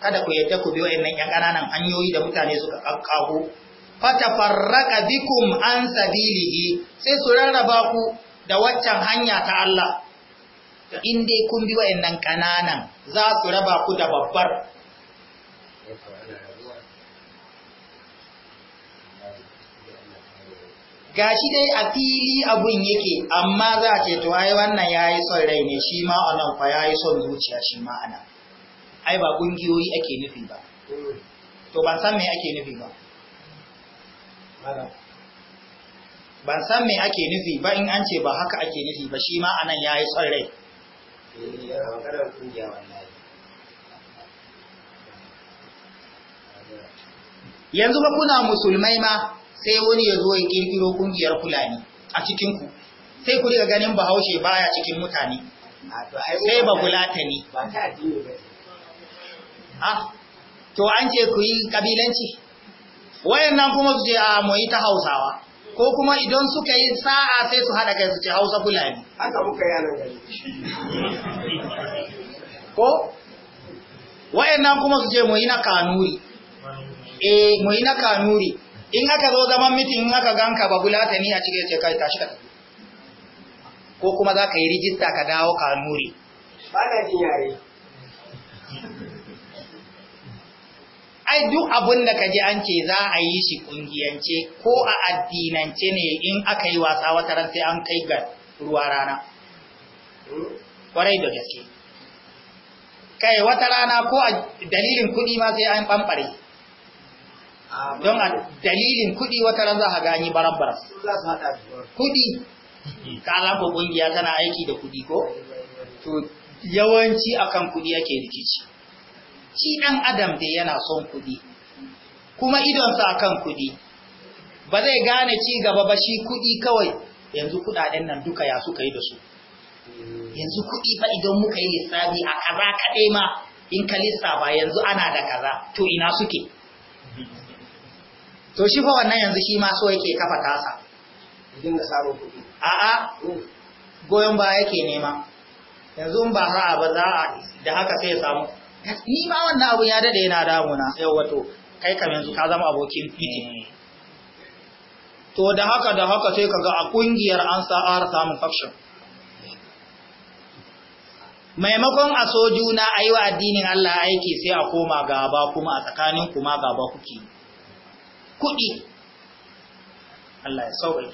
kada ku yadda ku bi wa'annan ƴan ƙananan hanyoyi da mutane suka fata fatafarraqa bikum an sabilihi sai su rarraba ku da waccan hanya ta Allah in dai kun bi wa'annan ƙananan za su raba ku da babbar gashi dai a fili abun yake amma za a ce to ai wannan yayi son rai ne shi ma anan fa yayi son zuciya shi ma anan ai ba kungiyoyi ake nufi ba to ban san me ake nufi ba ban san me ake nufi ba in an ce ba haka ake nufi ba shi ma anan yayi son rai eh, yanzu ba kuna musulmai ma sai wani ya zo ya kirkiro ƙungiyar fulani a cikin ku sai ku riga ganin bahaushe baya cikin mutane sai ba kula ta ne. Ah, to an ce ku yi kabilanci nan kuma su ce a ah, mu yi ta Hausawa ko kuma idan suka yi sa'a sai su hada kai su ce Hausa Fulani haka muka yi nan gari ko kuma su ce mu yi na Kanuri eh mu yi na Kanuri in aka zo zaman mitin in aka ganka ba bulata ni a cikin ce kai tashi ka ko kuma za ka yi rijista ka dawo Kanuri ba na jin yare ai duk abin da kaji an ce za a yi shi kungiyance ko a addinance ne in aka yi wasa wata ran sai an kai ga ruwa rana kwarai da gaske kai wata rana ko a dalilin kuɗi ma sai an bambare don a dalilin kuɗi wata ran za a gani barabbar kuɗi ka alaƙa ƙungiya tana aiki da kuɗi ko to yawanci akan kuɗi yake rikici shi ɗan adam da yana son kuɗi kuma idonsa akan kuɗi ba zai gane ci gaba ba shi kuɗi kawai yanzu kuɗaɗen nan duka ya suka yi da su yanzu kuɗi ba idan muka yi lissafi a kaza kaɗai ma in ka lissafa yanzu ana da kaza to ina suke to shi fa wannan yanzu shi ma so yake kafa tasa dinga saro kuɗi a'a goyon ba yake nema yanzu ba a, ba za a da haka sai ya samu ni ma wannan abun ya dade yana damuna yau wato kai kam yanzu ka zama abokin fiti to da haka da haka sai kaga a kungiyar an ar samun faction maimakon a so juna a wa addinin Allah aiki sai a koma gaba kuma a tsakanin kuma gaba kuke kuɗi Allah ya sauke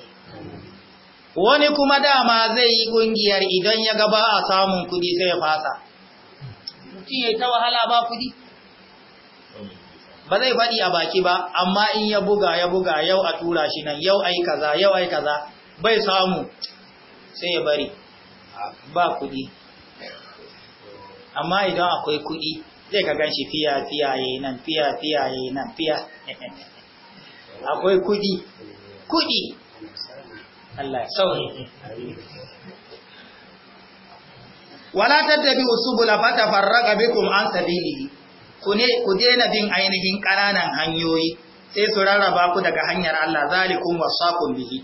wani kuma dama zai yi ƙungiyar idan ya gaba a samun kuɗi sai ya fasa mutum ya ta wahala ba kudi ba zai faɗi a baki ba amma in ya buga ya buga yau a tura shi nan yau ai kaza yau ai kaza bai samu sai ya bari ba kudi amma idan akwai kudi zai ka ganshi fiya fiya yi nan fiya fiya yi nan fiya akwai kudi kudi Allah ya sauke wala tattabi usubula fatafarraqa bikum an sabilihi ku ku daina bin ainihin ƙananan hanyoyi sai su rarraba ku daga hanyar Allah zalikum wasaqum bihi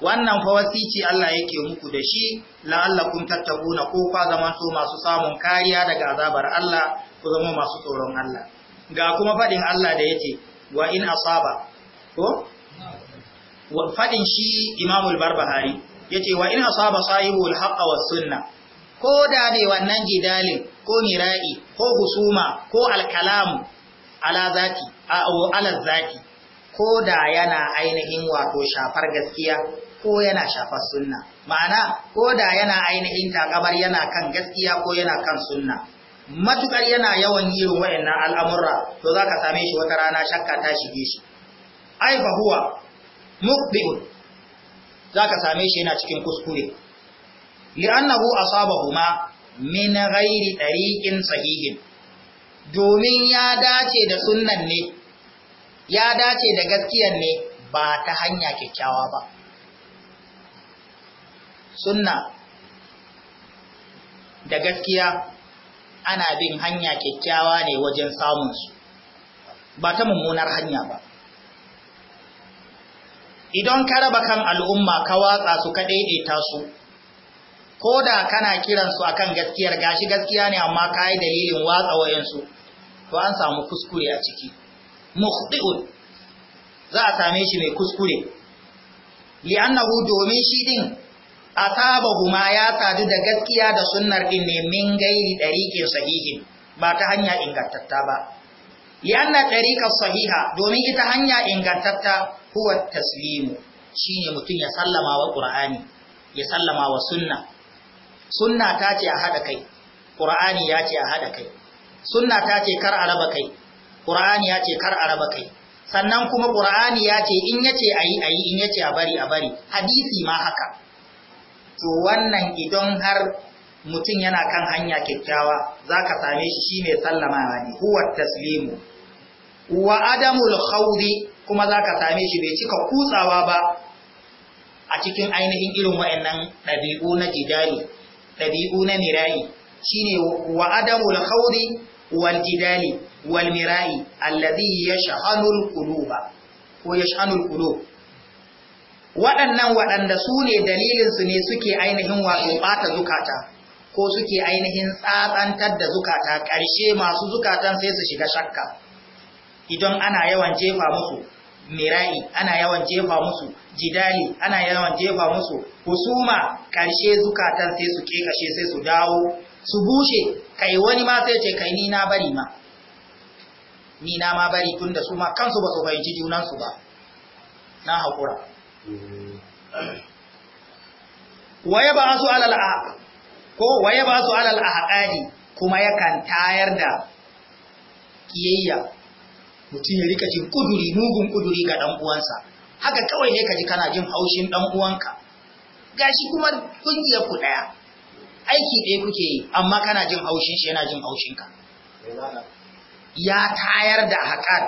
wannan fa wasici Allah yake muku da shi la'allakum tattaquna ko fa zaman so masu samun kariya daga azabar Allah ku zama masu tsoron Allah ga kuma fadin Allah da yake wa in asaba ko fadin shi Imamul al-Barbahari yace wa in asaba sahibul haqqi was sunnah ko da ne wannan jidalin ko mira'i ko husuma ko alkalamu ala zati ala zati ko da yana ainihin wato shafar gaskiya ko yana shafar sunna ma'ana ko da yana ainihin takabar yana kan gaskiya ko yana kan sunna matukar yana yawan yin wayannan al'amurra to zaka same shi wata rana shakka ta shige shi ai Fahuwa, huwa za zaka same shi yana cikin kuskure li'annahu asabahuma min ghairi tariqin sahihin domin ya dace da sunnan ne ya dace da gaskiyar ne ba ta hanya kyakkyawa ba sunna da gaskiya ana bin hanya kyakkyawa ne wajen samunsu ba ta mummunar hanya ba idan ka raba kan al'umma ka watsa su ka ɗaiɗaita su ko da kana kiransu akan gaskiyar gashi gaskiya ne amma ka dalilin watsa wayansu to an samu kuskure a ciki mukhti'un za a same shi mai kuskure annahu domin shi din asabahuma ya sadu da gaskiya da sunnar din ne min gairi dariqin sahihin ba ta hanya ingantatta ba anna dariqa sahiha domin ita hanya ingantatta huwa taslimu shine mutun ya sallama wa qur'ani ya sallama wa sunna sunna ta ce a haɗa kai ƙur'ani ya ce a haɗa kai sunna ta ce kar a raba kai ƙur'ani ya ce kar a raba kai sannan kuma ƙur'ani ya ce in yace a yi a yi in yace a bari a bari hadisi ma haka to wannan idan har mutum yana kan hanya kyakkyawa za ka same shi shi mai sallamawa ne huwa taslimu wa adamul khawdi kuma za ka same shi bai cika kutsawa ba a cikin ainihin irin wa'annan ɗabi'u na jidali ɗabi'u na mirayi shine wa da kauri wal jidali wal mirayi alladhi yash'alul ko waɗannan waɗanda su ne dalilinsu ne suke ainihin wato ɓata zukata ko suke ainihin tsatsantar da zukata ƙarshe masu zukatan sai su shiga shakka idan ana yawan jefa musu mirayi ana yawan jefa musu jidali ana yawan jefa musu husuma karshe zukatan sai su kekashe sai su dawo su bushe kai wani ma sai ce kai ni na bari ma ni na ma bari tun da su ma kansu ba su fahimci junansu ba na haƙura waye ba su alal a? ko waye ba su alal a ahqadi kuma yakan tayar da kiyayya mutum ya rika jin kuduri mugun kuduri ga dan uwansa haka kawai ne ka ji kana jin haushin dan uwanka gashi kuma kungiyar ku daya aiki ɗaya kuke yi amma kana jin haushin shi yana jin haushin ka ya tayar da haƙar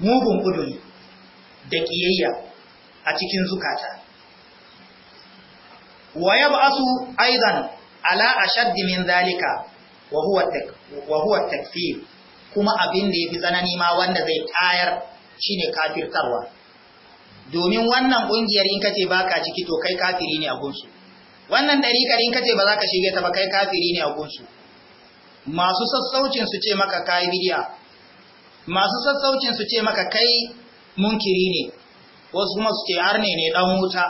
mugun kuduri da kiyayya a cikin zukata wa yab'asu aidan ala ashaddi min zalika wa huwa takfir kuma abin da ya fi tsanani ma wanda zai tayar shine kafirtarwa domin wannan ƙungiyar in kace ba ka ciki to kai kafiri ne a gunsu wannan ɗariƙar in kace ba za ka shige ta ba kai kafiri ne a gunsu masu sassaucin su ce maka kai bidiya masu sassaucin su ce maka kai munkiri ne wasu kuma su ce har ne dan wuta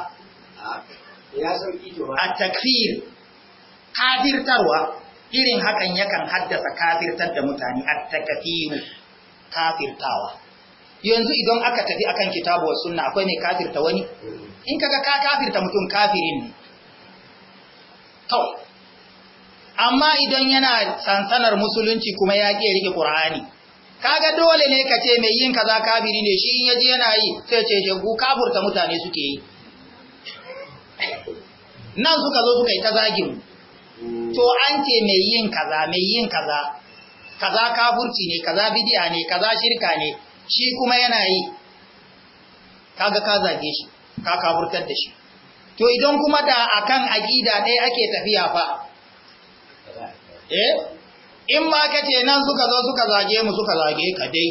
a takfir kafirtarwa irin hakan yakan haddasa kafirtar da mutane a takafiru kafirtawa yanzu idan aka tafi akan kitabu wa sunna akwai mai kafirta wani in kaga ka kafirta mutum kafirin ne to amma idan yana sansanar musulunci kuma ya ke rike qur'ani kaga dole ne ka ce mai yin kaza kafiri ne shi in yaji yana yi sai ce ce ku kafurta mutane suke yi nan suka zo suka yi ta zagin to an ce mai yin kaza mai yin kaza kaza kafurci ne kaza bidiya ne kaza shirka ne shi kuma yana yi kaga ka zage shi ka kafurtar da shi to idan kuma da akan aqida ɗaya ake tafiya fa eh in ma kace nan suka zo suka zage mu suka zage ka dai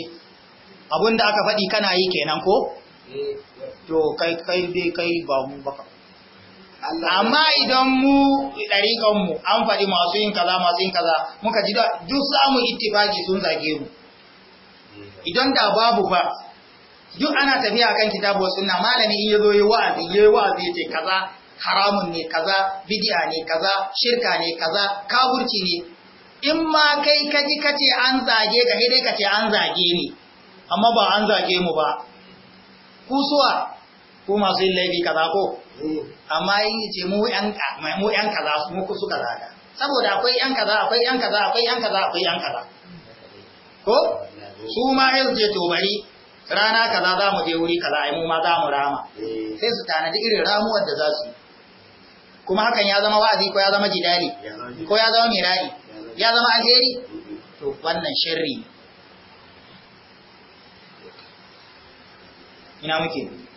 abinda aka faɗi kana yi kenan ko eh, to kai kai dai kai ba mu baka amma idan mu mu an faɗi masu yin kaza masu yin kaza muka ji duk samun ittifaki sun zage mu idan da babu ba duk ana tafiya a kan kitabu wasu na malami in yazo yi wa'azi yi wa'azi ya ce kaza haramun ne kaza bidiya ne kaza shirka ne kaza kaburci ne in ma kai kaji kace an zage ka dai kace an zage ni amma ba an zage mu ba kusuwa ko masu yin laifi kaza ko amma yin ce mu yan mu yan kaza mu ku suka zaga saboda akwai yan kaza akwai yan kaza akwai yan kaza akwai yan kaza ko su ma yau je to bari rana kaza za mu je wuri kaza ai mu ma za mu rama sai su tanadi irin ramuwar da za su kuma hakan ya zama wa'azi ko ya zama jidali ko ya zama mirari ya zama alheri to wannan sharri ina muke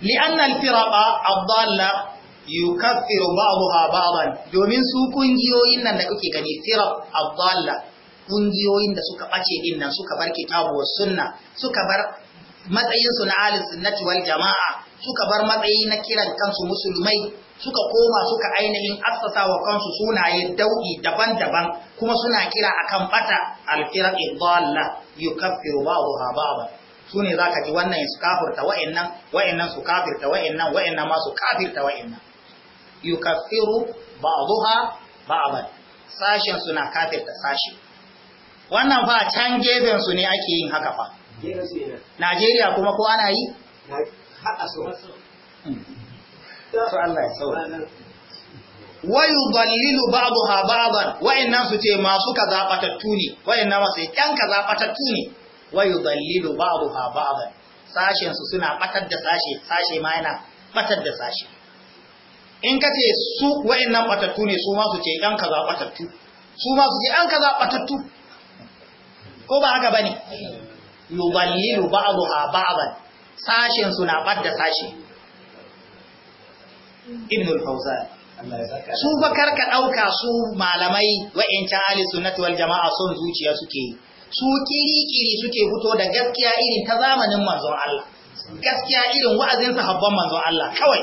li'anna al-firaqa ad-dalla yukaffiru ba'daha ba'dan domin su kungiyoyin nan da kuke gani firaq ad-dalla da suka ɓace din suka bar kitabu sunna suka bar matsayin su na ahlus sunnati wal jamaa suka bar matsayi na kiran kansu musulmai suka koma suka ainihin assasa kansu sunaye dau'i daban-daban kuma suna kira akan bata al-firaq ad-dalla yukaffiru ba'daha ba'dan su ne za ka ji wannan su kafirta wa'annan wa'annan su kafirta wa'annan wa'annan ma su kafirta wa'annan yukaffiru ba'dhuha ba'dan sashen su na kafirta sashi wannan fa can gefen su ne ake yin haka fa Najeriya kuma ko ana yi wayu dalilu ba'daha ba'dan wa'annan su ce masu kaza batattu ne wa'annan ma yi kan ka batattu ne wa yudallilu ba'daha ba'dan sashen su suna batar da sashe sashe ma yana batar da sashe in kace su wayannan batattu ne su ma su ce dan kaza batattu su ma su ce an kaza batattu ko ba haka bane yudallilu ba'daha ba'dan sashen su na batar da sashe ibnul fawzan su ba karka ɗauka su malamai wa'yancan ahli sunnati wal jama'a son zuciya suke su kiri-kiri suke fito da gaskiya irin ta zamanin manzon Allah gaskiya irin wa'azin habban manzon Allah kawai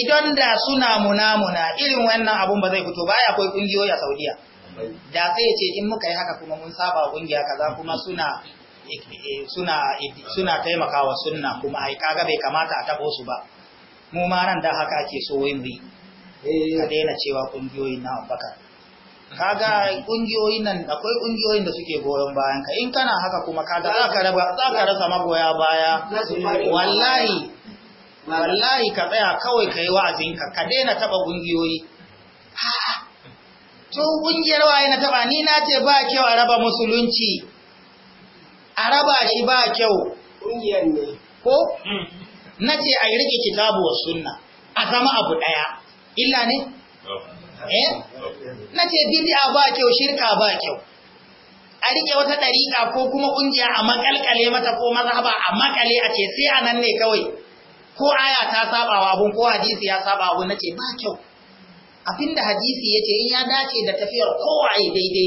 idan da suna munamuna irin wannan abun ba zai fito ba ya akwai kungiyoyi a Saudiya da sai ce in muka yi haka kuma mun saba kungiya kaza kuma suna suna suna taimakawa sunna kuma ai kaga bai kamata a tabo su ba mu ma ran da haka ake so wai mu yi ka daina cewa ƙungiyoyin na Abubakar kaga kungiyoyin nan akwai kungiyoyin da suke goyon bayan ka in kana haka kuma kaga za ka raba za ka rasa magoya baya wallahi wallahi ka tsaya kawai kai wa'azin ka ka daina taba kungiyoyi to kungiyar waye na taba ni na ce ba kyau a raba musulunci a raba shi ba kyau kungiyar ne ko na ce a yi rike kitabu wa sunna a zama abu daya illa ne Eh? na ce bid'a ba kyau shirka ba kyau a rike wata ɗariƙa ko kuma ƙungiya a makalkale mata ko mazhaba a makale a ce sai a nan ne kawai ko aya ta saba wa abun ko hadisi ya saba abun ce ba kyau da hadisi ce, in ya dace da tafiyar kowaye daidai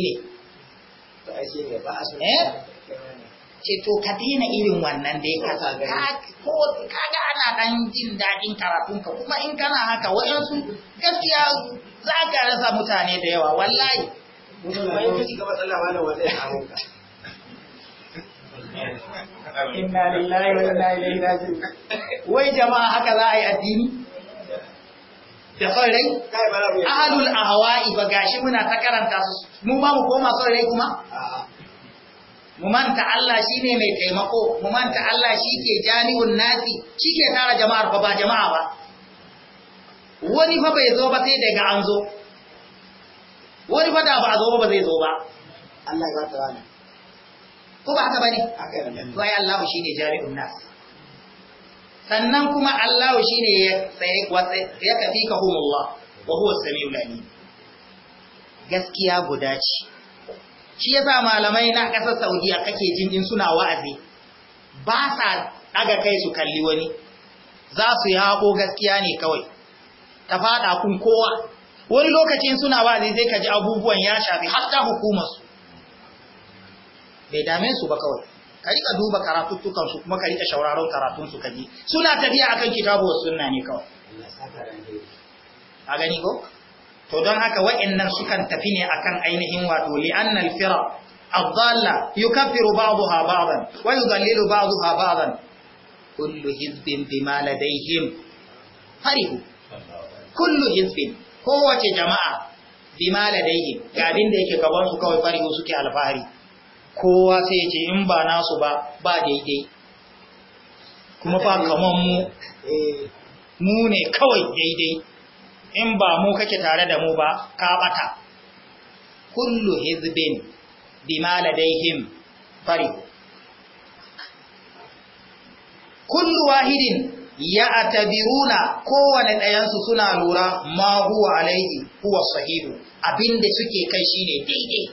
ne eh? ce to ka daina irin wannan da ya kasa ko kaga ana dan jin daɗin karatunka kuma in kana haka waɗansu gaskiya za ka rasa mutane da yawa wallahi Inna lillahi wa inna ilaihi raji'un. Wai jama'a haka za a yi addini? Da son rai? Ahlul ahwa'i ba gashi muna ta karanta su. Mu ma mu koma son rai kuma? mu manta Allah shi ne mai taimako mu manta Allah shi ke jami'un nasi shi ke tara jama'ar fa ba jama'a ba wani fa bai zo ba sai daga an zo wani fa da ba a zo ba zai zo ba Allah ya ba ta wani ko ba haka bane to ai Allah shi ne jami'un nasi sannan kuma Allah shi ne ya tsaye ya kafi kahumullah wa huwa samiul gaskiya guda ce shi yasa malamai na ƙasar saudiya kake jin in suna wa'azi ba sa daga kai su kalli wani za su yi hako gaskiya ne kawai ta fada kun kowa wani lokacin suna wa'azi sai ka ji abubuwan ya shafi hukumar hukumarsu bai dame su ba kawai ka rika duba karatuttukan su kuma ka rika shauraron karatun su kaji suna tafiya akan kitabu was sunna ne kawai a gani ko to don haka wa'annan sukan tafi ne akan ainihin wato li'annal firaq adalla yukaffiru ba'daha ba'dan wa yudallilu ba'daha ba'dan kullu hizbin bima ladayhim farihu kullu hizbin kowace jama'a bima ladayhim ga abin da yake gaban su kawai farihu suke alfahari kowa sai ya ce in ba nasu ba ba daidai kuma ba kaman mu eh. mu ne kawai daidai in ba mu kake tare da mu ba ka bata kullu hizbin bima ladaihim farihu kullu wahidin ya atabiruna kowane ɗayansu suna lura ma huwa alaihi huwa sahihu abinda suke kai shine daidai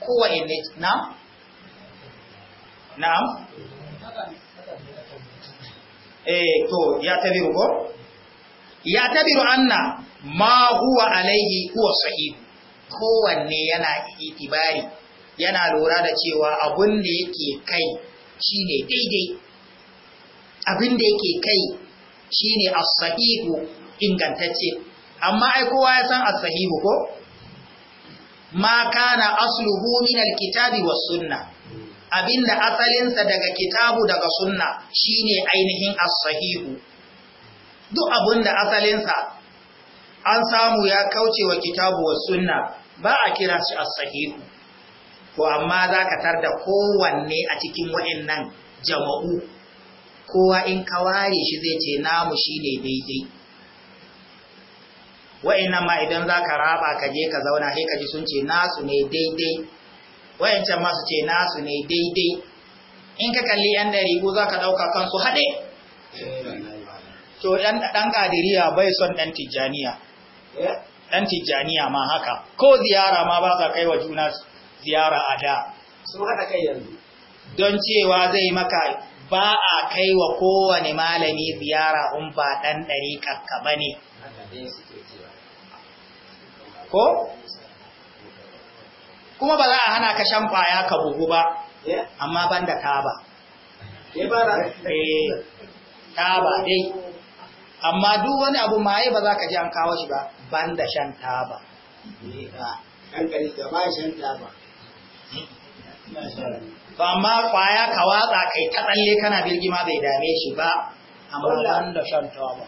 kowane ne na na'am eh to ya tabiru ko ya tabiru anna ma huwa alaihi huwa sahih kowanne yana itibari yana lura da cewa abin da yake kai shine daidai abin da yake kai shine as sahih ingantacce amma ai kowa ya san as sahih ko ma kana asluhu min al-kitabi was sunnah abinda asalinsa daga kitabu daga sunna shine ainihin as-sahihu duk abin da asalinsa an samu ya kauce wa kitabu wa sunna ba a kira shi as-sahihu Ko amma za ka tarda kowanne a cikin wa'annan jama'u kowa in ka ware shi zai ce namu shine daidai wa'annan ma idan za ka raba ka je ka zauna sai ka ji sun ce nasu ne daidai wayancan masu ce nasu ne daidai in ka kalli yan ɗari ko za ka ɗauka kansu haɗe to ɗan ƙadiriya bai son ɗan tijjaniya ɗan eh? tijjaniya ma haka ko ziyara ma ba za kai wa juna ziyara a da sun haɗa kai yanzu don cewa zai maka ba a kai wa kowane malami ziyara in ba ɗan ɗari ƙaƙƙa ne ko kuma ba za a hana ka shan ƙwaya ka bugu ba eh? amma ban da ta ba eh, dai amma duk wani abu maye ba za ka ji an kawo shi ba ban da shan taba Ba amma kwaya ka watsa kai ta tsalle kana birgima bai dame shi ba amma ban da shan taba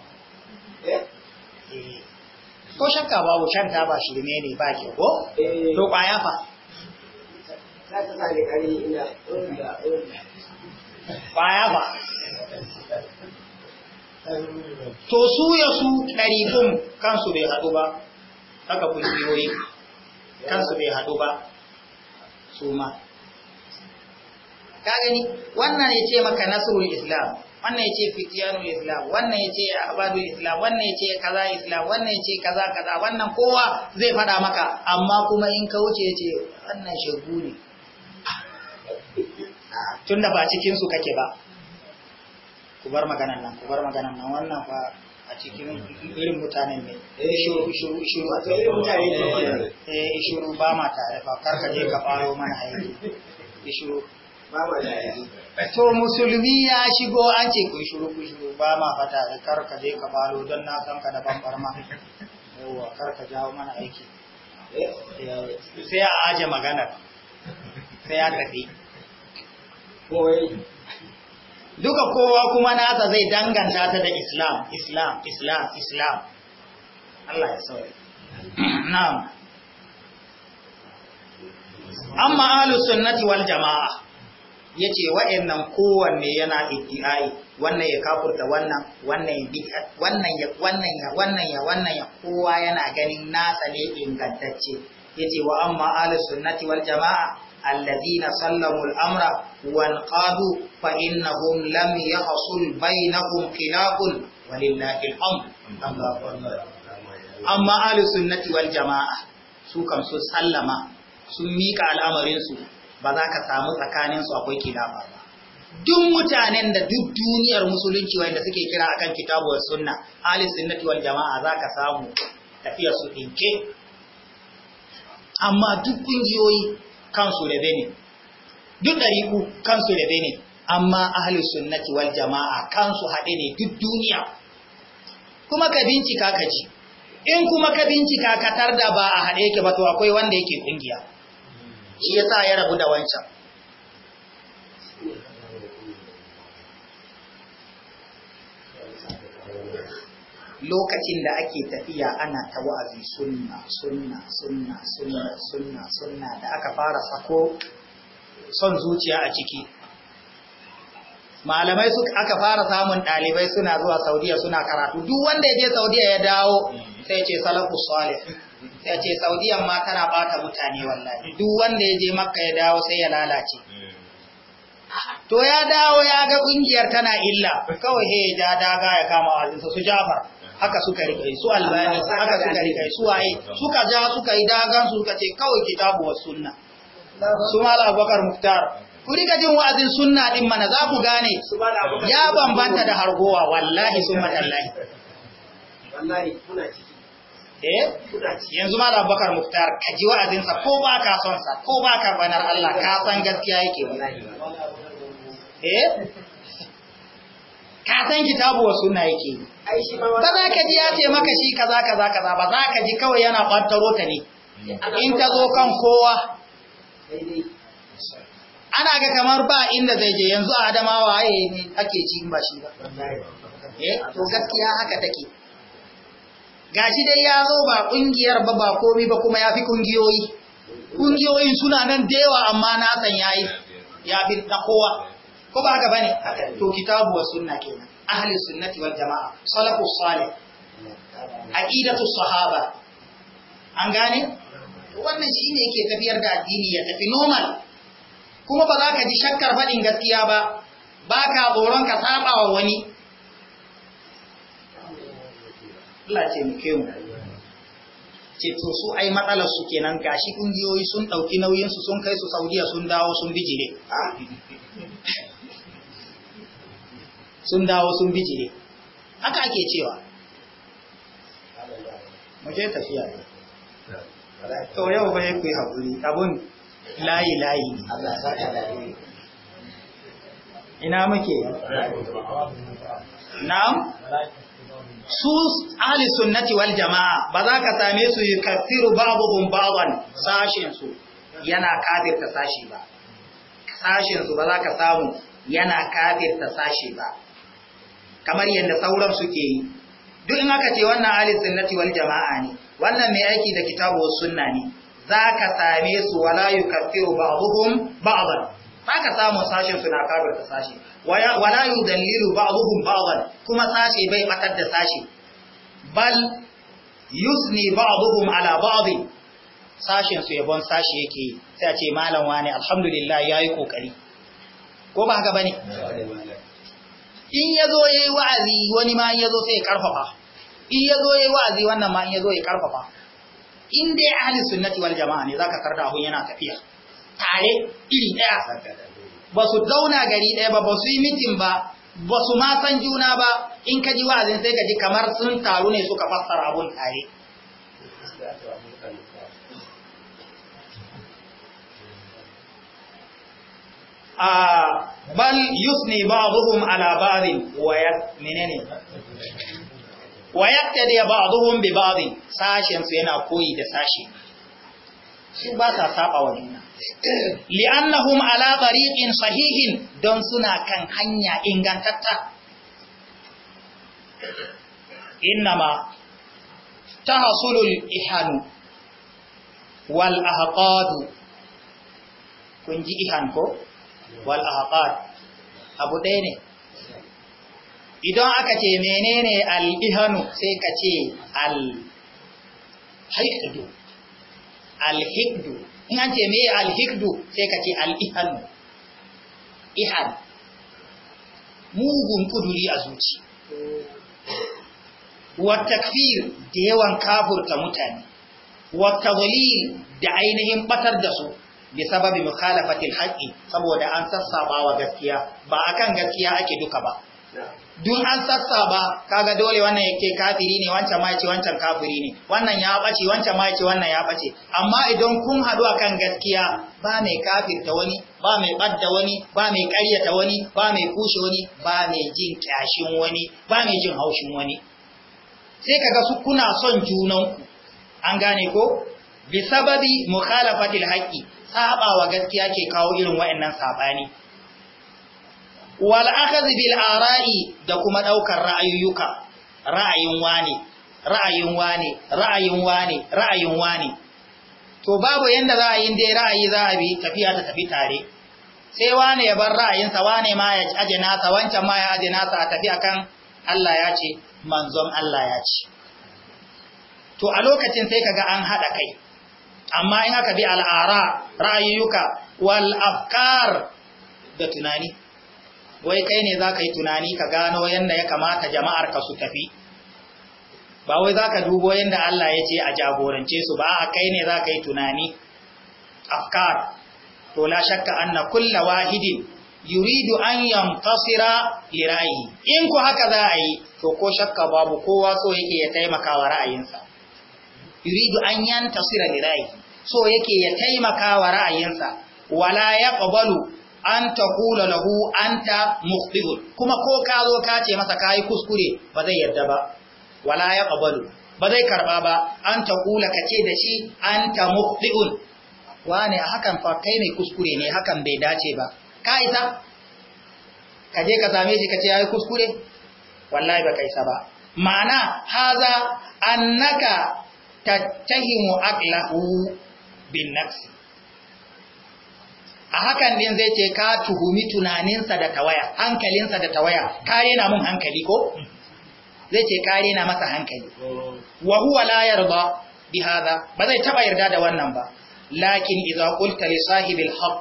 eh? Eh. ko shakka babu shan taba shi ne ba ke ko eh. to kwaya fa kwaya fa to su ya su ɗarifin kansu bai haɗu ba haka kungiyoyi kansu bai haɗu ba su ma ka gani wannan ya ce maka nasarul islam wannan ya ce fitiyanul islam wannan ya ce ahbadul islam wannan ya ce kaza islam wannan ya ce kaza kaza wannan kowa zai faɗa maka amma kuma in ka wuce ya ce wannan shagu ne ah. tunda ba cikinsu kake ba ku bar maganan nan ku bar maganan nan wannan fa a cikin irin mutanen ne eh shuru shuru shuru a cikin mutane ne eh shuru ba ma tare fa kar ka je ka faro mana aiki shuru ba ma tare to musulmi ya shigo an ce ku shuru ku shuru ba ma fa tare kar ka je ka faro don na san ka da ban farma yawa kar ka jawo mana aiki eh, sai a aje maganar sai ya tafi duka kowa kuma nasa zai danganta ta da islam islam islam islam Allah ya sauri na'am amma ahlus sunnati wal jama'a yace wa'annan kowanne yana iddi'ai wannan ya kafurta wannan wannan ya bid'a wannan ya wannan ya wannan ya wannan ya kowa yana ganin nasa ne ingantacce ya ce wa amma ahlus sunnati wal jama'a الذين سلموا الأمر وانقادوا فإنهم لم يحصل بينهم خلاف ولله الحمد أما أهل السنة والجماعة سوكم سلما سميك الأمر ba za ka samu tsakaninsu akwai kilafa ba duk mutanen da duk duniyar musulunci wanda suke kira akan kitabuwar sunna ahli sunnati wal jama'a za ka samu tafiya su dinke amma duk kungiyoyi kansu da ne duk ɗariku kansu da ne amma ahalus sunnati wal jama'a kansu haɗe ne duk duniya kuma ka bincika ka ji in kuma ka bincika ka tarda ba a haɗe yake ba to akwai wanda yake kungiya shi yasa ya rabu da wancan lokacin da ake tafiya ana ta wa'azi sunna sunna sunna sunna sunna sunna da aka fara sako son zuciya a ciki malamai su aka fara samun ɗalibai suna zuwa saudiya suna karatu duk wanda ya je saudiya ya dawo sai ce salafu salih sai ce saudiya ma tana bata mutane wallahi duk wanda ya je makka ya dawo sai ya lalace to ya dawo ya ga kungiyar tana illa kawai he ja daga ya kama wazinsa su jafar haka suka rike su albani haka suka rike su waye suka ja suka yi dagan su suka ce kawai kitabu wa sunna su mala abubakar muktar ku rika jin wa'azin sunna din mana za ku gane ya bambanta da hargowa wallahi sun matallahi wallahi kuna ciki eh yanzu mala abubakar muktar ka ji wa'azinsa ko ba ka son sa ko ba ka banar Allah ka san gaskiya yake wallahi eh ka san kitabu wa sunna yake ba za ka ji ya ce maka shi kaza kaza kaza ba za ka ji kawai yana kwantaro ta ne in ta zo kan kowa ana ga kamar ba inda zai je yanzu a adamawa yi ne ake ci ba shi ba eh, to gaskiya haka take gashi dai ya zo ba kungiyar ba ba komi ba kuma ya fi kungiyoyi kungiyoyin suna nan da yawa amma na san yayi ya fi na kowa ko ba haka bane to kitabu wa sunna kenan ahli sunnati wal jama'a salafu salih aqidatu sahaba an gane wannan shine yake tafiyar da addini ya tafi nomal. kuma ba za ka ji shakkar faɗin gaskiya ba ba ka tsoron ka saba wa wani Allah ce mu ke mu ce su ai matsalar su kenan gashi ƙungiyoyi sun ɗauki nauyinsu sun kai su Saudiyya sun dawo sun bijire sun dawo sun bijire haka ake cewa mace tafiya ne to yau ba ya kai haƙuri abun layi layi ina muke na'am su ahli sunnati wal jama'a ba za ka same su kaffiru ba'dhum ba'dhan sashin su yana ta sashi ba sashin su ba za ka samu yana ta sashi ba kamar yadda sauran suke yi duk in aka ce wannan ahli sunnati wal jama'a ne wannan mai aiki da kitabu sunna ne zaka same su wala yukaffiru ba'dhum Za zaka samu sashin su na kabar da sashi wala yudallilu ba'dhum ba'dhan kuma sashi bai batar da sashi bal yusni ba'dhum ala ba'd sashin su yabon sashi yake sai a ce malam wani alhamdulillah yayi kokari ko ba haka bane in ya zo ya yi wa'azi wani ma in ya zo sai ya ƙarfafa. in ya zo ya yi wa'azi wannan ma in ya zo ya karfafa in dai ahalin sunnati wal jama'a ne za ka karta abun yana tafiya tare iri ɗaya ba su zauna gari ɗaya ba ba su yi mitin ba ba su ma san juna ba in ka ji wa'azin sai ka ji kamar sun taru ne suka fassara abun tare bal yusni ba'dhum ala ba'dhin wa menene wa yaqtadi ba'dhum bi ba'dhin sashin su yana koyi da sashi su ba sa saba wa juna li'annahum ala tariqin sahihin don suna kan hanya ingantatta innama tahsulul ihanu wal ahqadu kun ji ihan ko wal ahqad abu ɗaya ne idan aka ce menene Al'ihanu sai ka ce al hikdu al hikdu in an ce meye al hikdu sai ka ce al ihanu ihan mugun kuduri a zuci wa takfir da yawan kafurta mutane wa tadlil da ainihin batar da su bi sababi mukhalafatil haqqi saboda an sassaba gaskiya ba kan gaskiya ake duka ba duk an sassaba kaga dole wannan yake kafiri ne wancan ma wancan kafiri ne wannan ya bace wancan ma wannan ya bace amma idan kun hadu akan gaskiya ba mai kafirta wani ba mai badda wani ba mai ƙaryata wani ba mai kushe wani ba mai jin kyashin wani ba mai jin haushin wani sai kaga su kuna son junanku an gane ko bi sababi mukhalafatil haqqi sabawa gaskiya ke kawo irin wa'annan sabani wal bil ara'i da kuma ɗaukar ra'ayuka, ra'ayin wani ra'ayin wani ra'ayin wani ra'ayin wani to babu yanda za a yi dai ra'ayi za a bi tafiya ta tafi tare sai wane ya bar ra'ayinsa wane ma ya aje nasa wancan ma ya aje nasa a tafi akan Allah ya ce manzon Allah ya ce to a lokacin sai kaga an haɗa kai amma in aka bi al'ara ra'ayyuka wal afkar da tunani wai kai ne za ka yi tunani ka gano yadda ya kamata jama'ar ka su tafi ba wai za ka dubo yadda Allah ya ce a jagorance su ba a kai ne za ka yi tunani afkar to la shakka anna kulla wahidin yuridu an yamtasira li in ku haka za a yi to ko shakka babu kowa so yake ya taimaka wa ra'ayinsa yuridu an yantasira li so yake ya taimaka wa ra'ayinsa wala yaqbalu an taqula lahu anta mukhti'un kuma ko ka zo ka ce masa kai kuskure ba zai yarda ba wala yaqbalu ba zai karba ba an taqula ka ce da shi anta mukhti'un wane a hakan fa kai mai kuskure ne hakan bai dace ba ka isa ka je ka same shi ka ce ai kuskure wallahi ba kaisa ba ma'ana haza annaka tattahimu aqlahu bin nafsi a hakan din zai ce ka tuhumi tunaninsa da tawaya hankalinsa da tawaya ka rena mun hankali ko zai ce ka rena masa hankali wa huwa la yarda bi hada ba zai taba yarda da wannan ba lakin idza qulta li sahibil haqq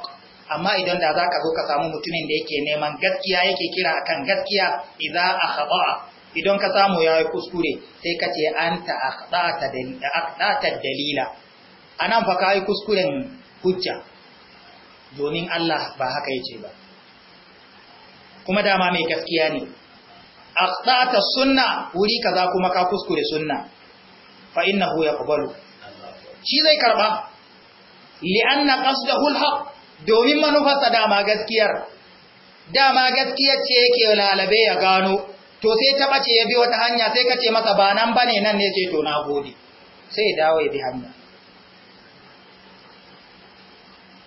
amma idan da zaka zo ka samu mutumin da yake neman gaskiya yake kira akan gaskiya idza akhata idan ka samu yayi kuskure sai ka ce anta akhata dalila a nan fa kayi kuskuren hujja domin Allah ba haka yace ba kuma dama mai gaskiya ne akhtata sunna wuri kaza kuma ka kuskure sunna fa innahu yaqbalu shi zai karba li'anna qasdahu alhaq domin manufarsa dama gaskiyar dama gaskiyar ce yake lalabe ya gano to sai ta bace ya bi wata hanya sai kace masa ba nan bane nan ne ce to na gode sai ya dawo ya bi hanya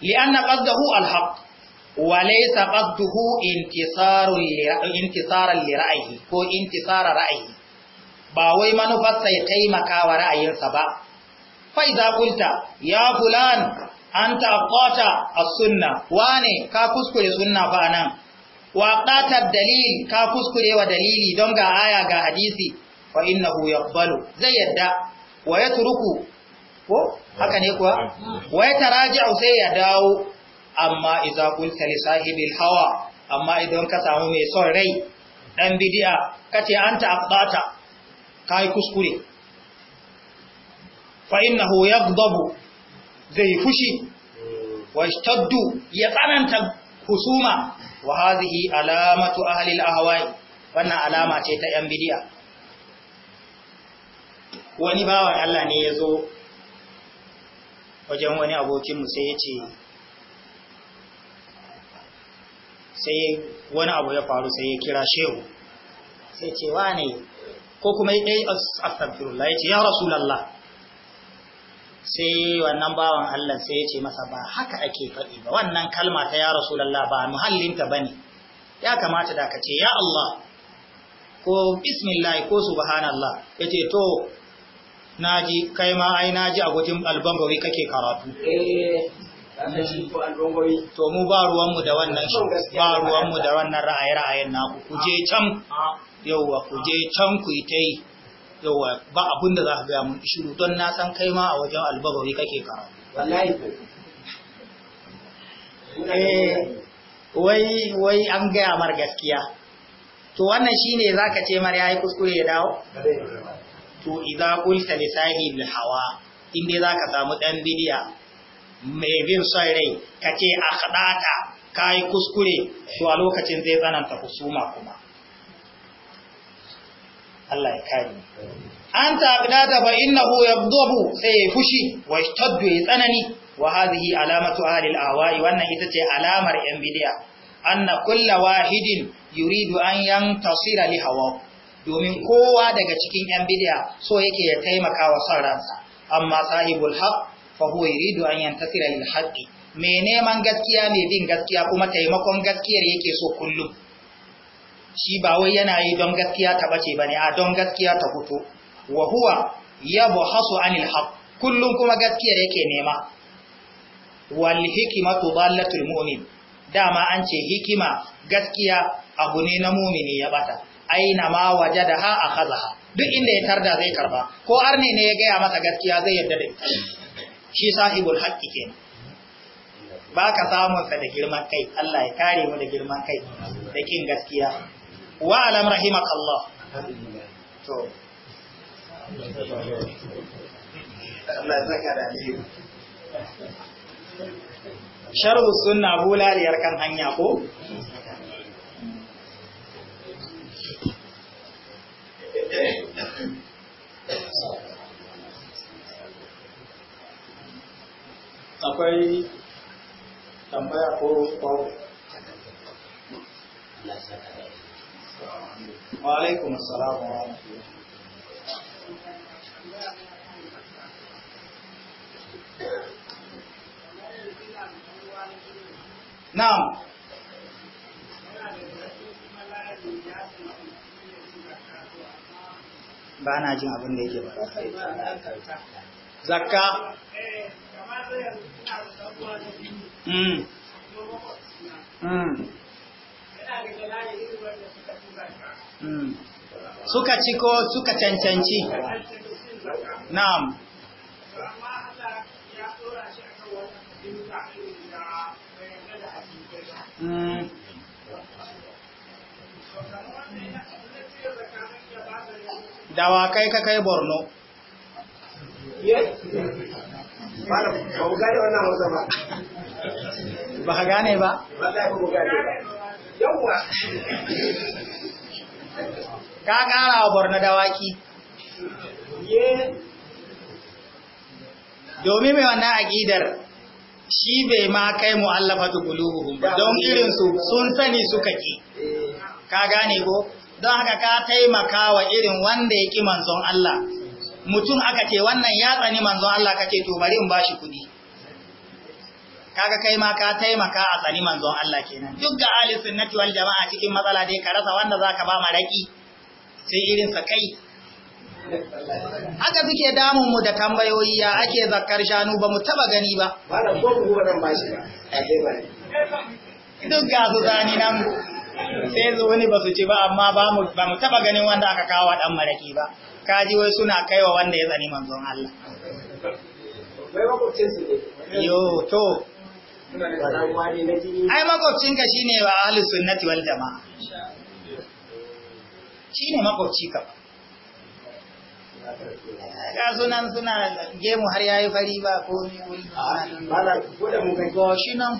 li'anna qasdahu alhaq wa laysa qasduhu intisarun intisaran li ra'ayi ko intisara ra'ayi ba wai manufarsa ya taimaka wa ra'ayinsa ba Fai idza qulta ya fulan anta aqata as-sunna wane ka kuskure sunna fa nan Waƙatar aqata dalil ka kuskure dalili don ga aya ga hadisi fa innahu yaqbalu zai yarda. wa yatruku ko haka ne kuwa wai taraji'u sai ya dawo amma idza qulta li sahibil hawa amma idan ka samu mai son rai dan bid'a kace anta abata kai kuskure fa innahu yaghdabu zai fushi wa ishtaddu ya tsananta husuma wa hadhihi alamatu ahli al-ahwa'i wannan alama ce ta yan bid'a wani bawan Allah ne ya zo. wajen wani abokinmu sai ya sai wani abu ya faru sai ya kira shehu sai ce wa ne ko kuma ya ɗai astagfirullah ya ce ya rasulallah sai wannan bawan Allah sai ya ce masa ba haka ake faɗi ba wannan kalma ta ya rasulallah ba muhallinta ba ne ya kamata da ka ce ya Allah ko bismillah ko subhanallah ya ce to naji kai ma ai naji a gudun albangawi kake karatu eh, to mu ba ruwanmu da wannan ba ruwanmu da wannan ra'ayi-ra'ayin naku ku je ah, can ah. yauwa ku je can ku yi ta yi yauwa ba abinda za ka gaya mun shiru don na san kai ma a wajen albangawi kake karatu eh. wai wai an gaya mar gaskiya to wannan shine zaka ce mar yayi kuskure ya dawo to idza qulta li sahibil hawa in dai ka samu dan bidiya mai bin son rai kace akhdata kai kuskure to a lokacin zai tsananta husuma kuma Allah ya kare an taqdata fa innahu yabdubu sai fushi wa ishtaddu tsanani wa hadhihi alamatu ahli al-ahwa'i wannan ita ce alamar yan bidiya anna kullu wahidin yuridu an yantasira li hawa domin kowa daga cikin yan bid'a so yake ya taimaka wa son ransa amma sahibul haqq fa huwa yuridu an yantasira lil haqqi me neman gaskiya ne bin gaskiya kuma taimakon gaskiyar yake so kullum shi ba wai yana yi don gaskiya ta bace bane a don gaskiya ta fito wa huwa yabhasu anil haqq kullum kuma gaskiyar yake nema wal hikmatu dallatul mu'min dama an ce hikima gaskiya abu ne na mumini ya bata aina ma wajadaha akhadha duk inda ya tarda zai karba ko arne ne ya gaya masa gaskiya zai yarda da ita shi sahibul haqqi ba ka samun sa da girman kai Allah ya kare mu da girman kai da kin gaskiya wa alam rahimak Allah to Allah ya zaka da ni sharhu sunna bulaliyar kan hanya ko akwai tambaya ko kwaro wa alaikum assalam wa ba na jin abin da yake ba zakka mm. mm. suka ci ko suka cancanci na'am Mm. Da wa kai ka kai borno ba ka gane ba ka kara wa borno dawaki domin mai wannan aƙidar shi bai ma kai mu'allafatu qulubuhum ba don irin su sun sani suka ki ka gane ko don haka ka taimaka wa irin wanda ya ƙi manzon Allah mutum aka ce wannan ya tsani manzon Allah ka ce to bari in bashi kuɗi kaga kai ma ka taimaka a tsani manzon Allah kenan duk ga ahli sunnati wal jama'a cikin matsala dai ka rasa wanda zaka ba maraki sai irin sa kai haka suke damun mu da tambayoyi ya ake zakkar shanu ba mu taba gani ba malam ko ku ba bashi ba duk ga su zani nan sai zo wani ba su ci ba amma ba mu taba ganin wanda aka kawo wa dan maraki ba kaji wai suna kaiwa wanda ya zani manzon Allah yo to ai makwabcin ka shine wa ahlus sunnati wal jamaa shine makwabci ka ga sunan suna gemu har yayi fari ba ko ni wuri ba kai ko shi nan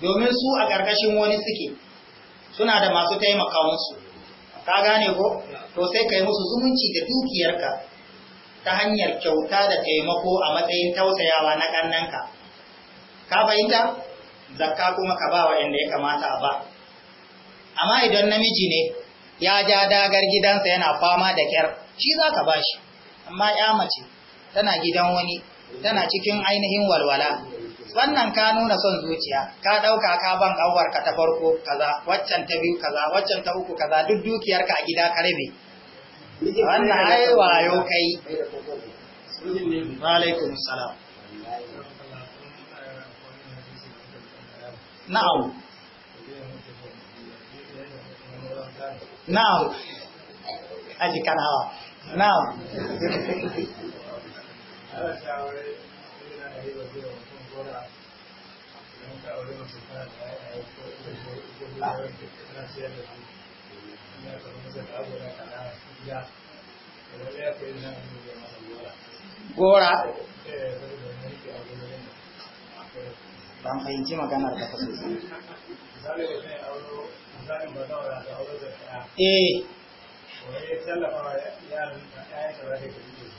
domin su a ƙarƙashin wani suke suna da masu taimaka musu ka gane ko to sai kai musu zumunci da dukiyarka ta hanyar kyauta da taimako a matsayin tausayawa na ƙannanka ka fahimta zakka kuma ka ba wa inda ya kamata a ba amma idan namiji ne ya ja dagar gidansa yana fama da kyar shi za ka ba shi amma ya mace tana gidan wani tana cikin ainihin walwala wannan ka nuna son zuciya ka ɗauka ka ban ka ta farko kaza waccan ta biyu kaza waccan ta uku kaza duk dukiyarka a gida ka rabe wannan ai wayo kai alaikum salam na'am na'am aji kana na'am gora ban fahimci maganar da kasu su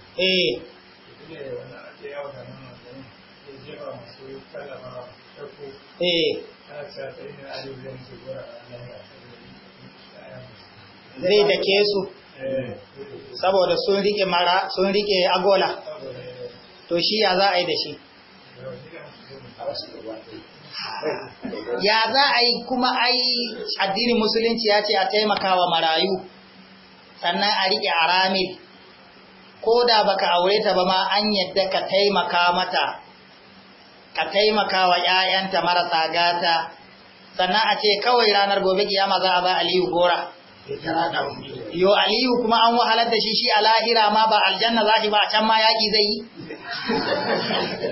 eh eh, eh. Eh. zai da ke su saboda sun rike mara sun rike agola to shi ya za a yi da shi ya za a yi kuma ai addinin musulunci ya ce a taimaka wa marayu sannan a rike aramil ko da baka aure ta ba ma an yadda ka taimaka mata ka taimaka wa ‘ya'yanta marasa gata, sannan a ce kawai ranar gobe kiyama za a ba Aliyu gora. Yo Aliyu kuma an wahalar da shi shi a lahira ma ba aljanna za shi ba a can ma yaƙi zai yi?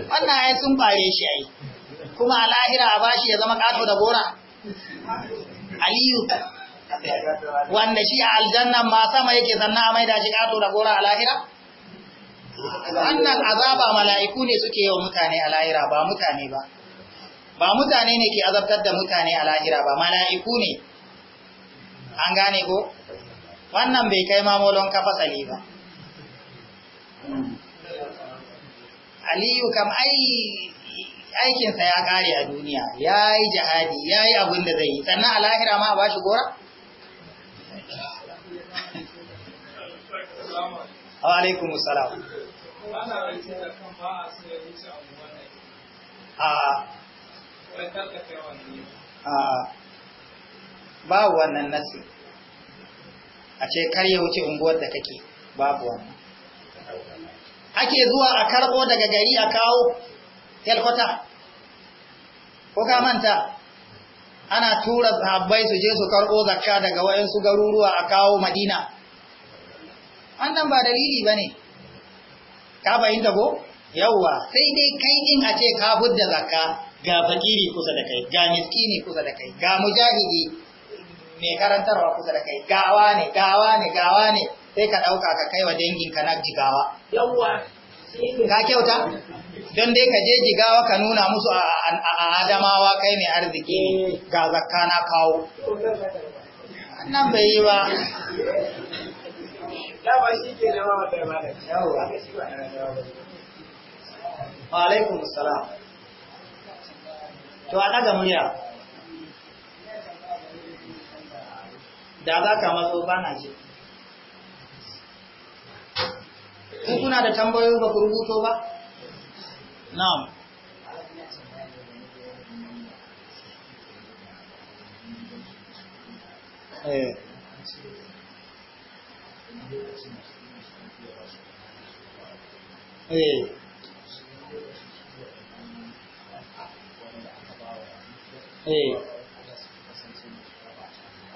Wannan ai sun bare shi ai, kuma a lahira a bashi ya zama ƙato da gora. Aliyu wanda shi a aljanna ma sama yake sannan a maida shi ƙato da gora a lahira? wannan azaba mala'iku ne suke yi wa mutane a lahira ba mutane ba ba mutane ne ke azabtar da mutane a lahira ba mala'iku ne an gane ko wannan bai kai mamolon tsali ba aliyu kam aikinsa ya kare a duniya ya yi jihadi ya yi abin da zai yi sannan a lahira ma a ba shi gora? alaikumussalam ba wannan nasi a ce kar ya wuce unguwar da kake babu wannan ake zuwa a karbo daga gari a kawo yalkwata ko ka manta ana tura sahabbai su je su karbo zakka daga wayansu garuruwa a kawo madina wannan ba dalili ba ne ka fahimta ko yawwa sai dai kai din a ce ka fudda zakka ga fakiri kusa da kai ga miskini kusa da kai ga mujahidi mai karantarwa kusa da kai gawa ne gawa ne gawa ne sai ka dauka ka kai wa dangin ka na jigawa yawwa ka kyauta don dai ka je jigawa ka nuna musu a adamawa kai mai arziki ga zakka na kawo nan bai yi ba dama shi ke da mama da malam yawo aka shi ba na yawo wa alaikum assalam to a daga murya da za ka matso ba na ji in kuna da tambayoyi ba ku rubuto ba na'am eh Eh, eh,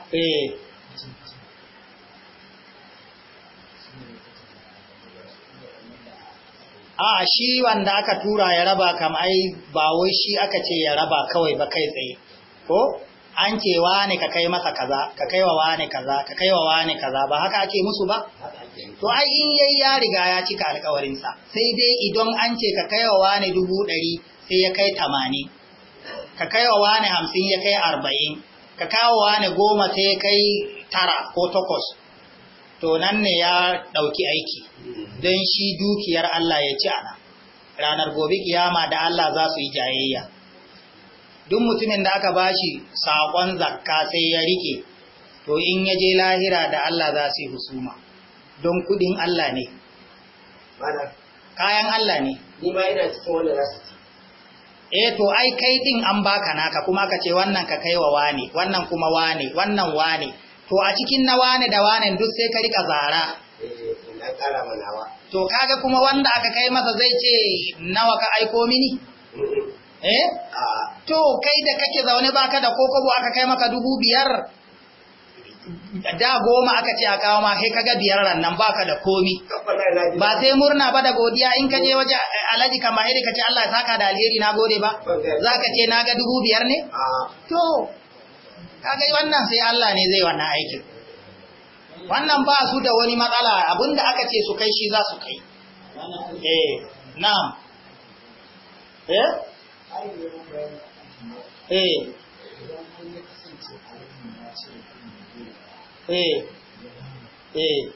eh. a ah, shi wanda aka tura ya raba kam ba wai shi aka ce ya raba kawai ba kai tsaye ko an ce ne ka kai masa kaza ka kai wa wane kaza ka kai wa wane kaza ba haka ake musu ba to ai in yayi ya riga ya cika alƙawarin sa. sai dai idan an ce ka kai wa wane dubu ɗari sai ya kai tamanin ka kai wa wane hamsin ya kai arba'in ka kawo wane goma sai ya kai tara ko takwas to nan ne ya ɗauki aiki don shi dukiyar Allah ya ci ana ranar gobe kiyama da Allah za su yi jayayya duk mutumin da aka bashi sakon zakka sai ya rike to in ya je lahira da Allah za su yi husuma don kudin Allah ne kayan Allah ne ni ba ina cikin wanda za su eh to ai kai din an baka naka kuma ka ce wannan ka kaiwa wane wannan kuma wane wannan wane to a cikin na wane da wane duk sai ka rika zara eh, to kaga kuma wanda aka kai masa zai ce nawa ka aiko mini eh ah. to kai da kake zaune baka da kokobo aka kai maka dubu biyar da goma aka ce a kawo ma kai kaga biyar rannan baka da komi ba sai murna ba da godiya in ka je waje eh, alaji kamar yadda ka ce Allah ya saka da alheri na gode ba zaka ce na ga dubu biyar ne ah. to kaga wannan sai Allah ne zai wannan aikin wannan ba su da wani matsala abinda aka ce su kai shi za su kai eh na'am eh eh eh A'a, eh. eh. eh.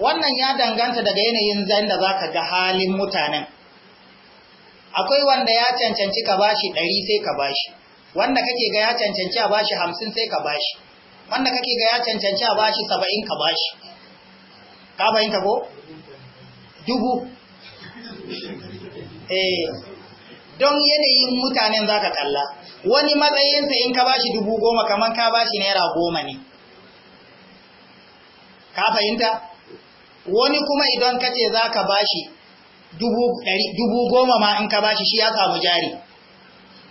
wannan ya danganta daga yanayin zan da za ka ga halin mutanen. Akwai wanda ya cancanci ka bashi ɗari sai ka bashi. wanda kake ga ya cancanci a bashi hamsin sai ka bashi wanda kake ga ya cancanci a bashi saba'in ka bashi ka fahimta ko dubu eh don yanayin mutanen za ka kalla wani matsayinsa in ka bashi dubu goma kamar ka bashi naira goma ne ka fahimta wani kuma idan ka ce za ka bashi dubu goma ma in ka bashi shi ya samu jari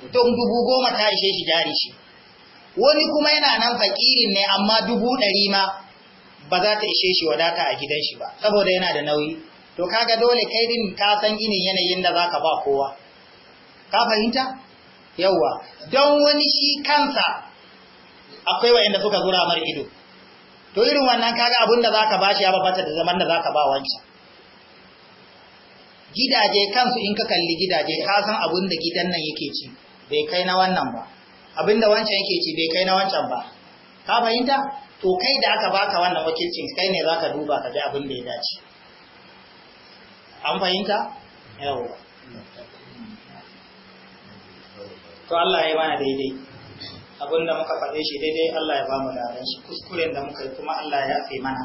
don dubu goma ta ishe shi jari shi wani kuma yana nan fakirin ne amma dubu ɗari ma ba za ta ishe shi wadata a gidan shi ba saboda yana da nauyi to kaga dole kai din ka san ginin yanayin da zaka ba kowa ka fahimta yawa don wani shi kansa akwai wa'anda suka zura mar ido to irin wannan kaga abin da zaka bashi ya babata da zaman da zaka ba wancan gidaje kansu in ka kalli gidaje ka san abin da gidan nan yake ci bai kai na wannan ba abinda wancan yake ci bai kai na wancan ba ka fahimta to kai da aka baka wannan wakilcin kai ne zaka duba ka ga abin da ya dace an fahimta yawa to Allah ya bana daidai abin da muka faɗe shi daidai Allah ya bamu ran shi kuskuren da muka yi kuma Allah ya afe mana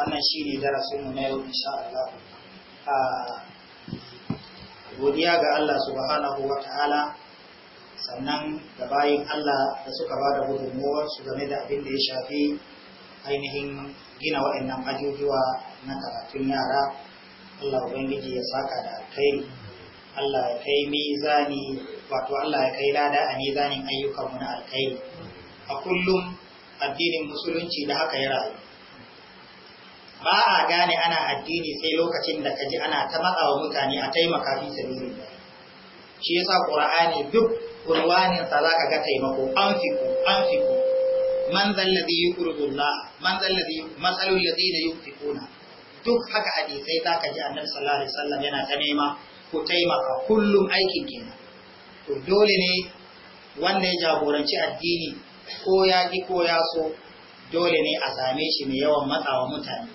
wannan shi ne darasin mu na yau insha Allah ah, godiya ga Allah subhanahu wa ta'ala sannan da bayan Allah da suka ba da gudunmuwar su game da abin da ya shafi ainihin gina waɗannan ajujuwa na karatun yara Allah Ubangiji ya saka da kai Allah ya kai mizani wato Allah ya kai lada a mizanin ayyukanmu na alkhairi a kullum addinin musulunci da haka ya rayu ba a gane ana addini sai lokacin da ka kaji ana ta matsawa mutane a taimaka fi sabilillah shi yasa duk kurwaninsa za ka ga taimako an fiku an fiku man zallabi yi ƙurdullah man zallabi matsalul da zina yi fikuna duk haka sai za ka ji annabi sallallahu alaihi wasallam yana ta nema ku taimaka kullum aikin kenan to dole ne wanda ya jagoranci addini ko ya ki ko ya so dole ne a same shi mai yawan matsawa mutane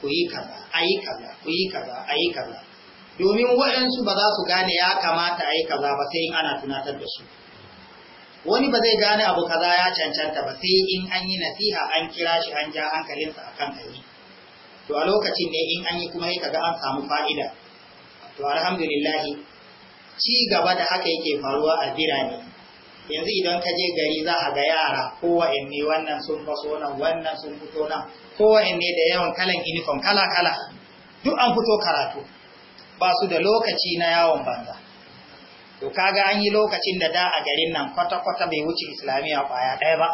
ku yi kaza a yi kaza ku yi kaza a yi kaza domin waɗansu ba za su gane ya kamata a yi kaza ba sai in ana tunatar da su wani ba zai gane abu kaza ya cancanta ba sai in an yi nasiha an kira shi an ja hankalinsa a kan ayi to a lokacin ne in an yi kuma yi kaga an samu fa'ida to alhamdulillah ci gaba da haka yake faruwa a birane yanzu idan ka je gari za a ga yara kowanne wannan sun faso nan wannan sun fito nan kowanne da yawan kalan uniform kala kala duk an fito karatu ba su da lokaci na yawon banza to kaga an yi lokacin da da a garin nan kwata-kwata bai wuce islamiyya kwaya ɗaya ba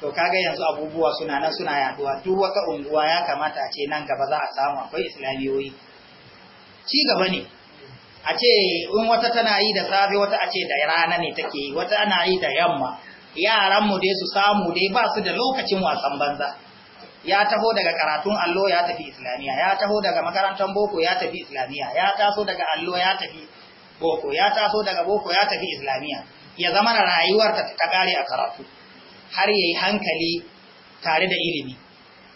to kaga yanzu abubuwa suna nan suna yaduwa duk wata unguwa ya kamata a ce nan gaba za a samu akwai islamiyoyi ci gaba ne a ce in wata tana yi da safe wata a ce da rana ne take yi wata ana yi da yamma yaran mu dai su samu dai ba su da lokacin wasan banza ya taho daga karatun allo ya tafi islamiya ya taho daga makarantar boko ya tafi islamiya ya taso daga allo ya tafi boko ya taso daga boko ya tafi islamiya ya zama na rayuwar ta ta kare a karatu har yayi hankali tare da ilimi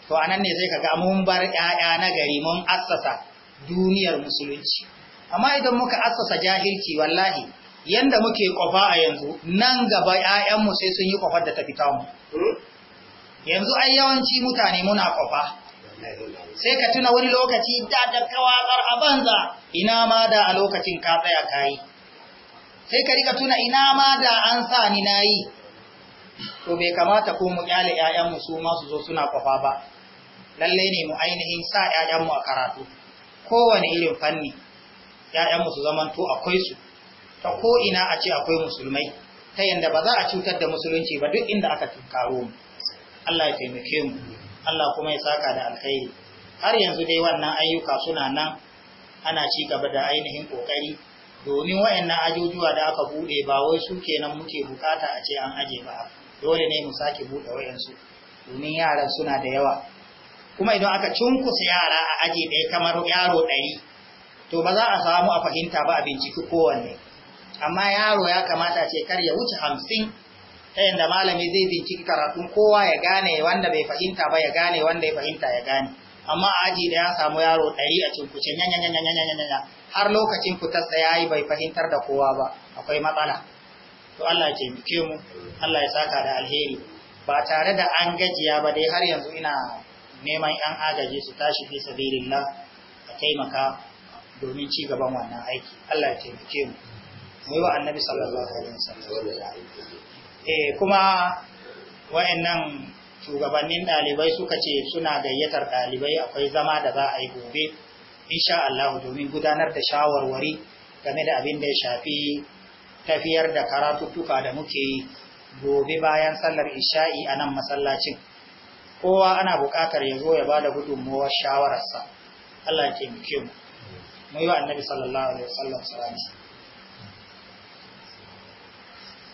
to anan ne zai kaga mun bar ƴaƴa na gari mun assasa duniyar musulunci amma idan muka assasa jahilci wallahi yanda muke kofa a yanzu nan gaba ƴaƴanmu sai sun yi kofar da ta fita mu hmm? yanzu ai yawanci mutane muna kofa sai ka tuna wani lokaci da da kawakar a banza ina ma da a lokacin ka tsaya kai sai ka rika tuna ina ma da an sa ni nayi to bai kamata ko mu kyale ƴaƴanmu su ma su zo suna kofa ba lalle ne mu ainihin sa ƴaƴanmu a karatu kowane irin fanni ƴaƴanmu su zamanto akwai su ta ko ina a ce akwai musulmai ta yanda ba za a cutar da musulunci ba duk inda aka tunkaro mu Allah ya taimake mu Allah kuma ya saka da alkhairi har yanzu dai wannan ayyuka suna nan ana ci gaba da ainihin kokari domin wayannan ajujuwa da aka bude ba wai su kenan muke bukata a ce an aje ba dole ne mu sake bude wayansu domin yaran suna da yawa kuma idan aka cunkusa yara a aje ɗaya kamar yaro ɗari to ba za a samu a fahimta ba a binciki kowanne amma yaro ya kamata ce kar ya wuce hamsin ta yadda malami zai binciki karatun kowa ya gane wanda bai fahimta ba ya gane wanda ya fahimta ya gane amma a aji da ya samu yaro ɗari a cinkuce nyanyanyanyanyanya har lokacin fitar da ya bai fahimtar da kowa ba akwai matsala to Allah ya taimake mu Allah ya saka da alheri ba tare da an gajiya ba dai har yanzu ina neman yan agaji su tashi fi sabilillah a taimaka domin ci gaban wannan aiki Allah ya taimake mu mu yi wa annabi sallallahu alaihi wasallam Eh, kuma wayannan shugabannin ɗalibai suka ce suna gayyatar ɗalibai akwai zama da za a yi gobe insha Allah domin gudanar da shawarwari game da abin da ya shafi tafiyar da karatuttuka da muke yi gobe bayan sallar isha'i a nan masallacin kowa ana buƙatar ya zo ya ba da gudunmuwar shawararsa Allah ya taimake mu mu yi wa annabi sallallahu alaihi wasallam salati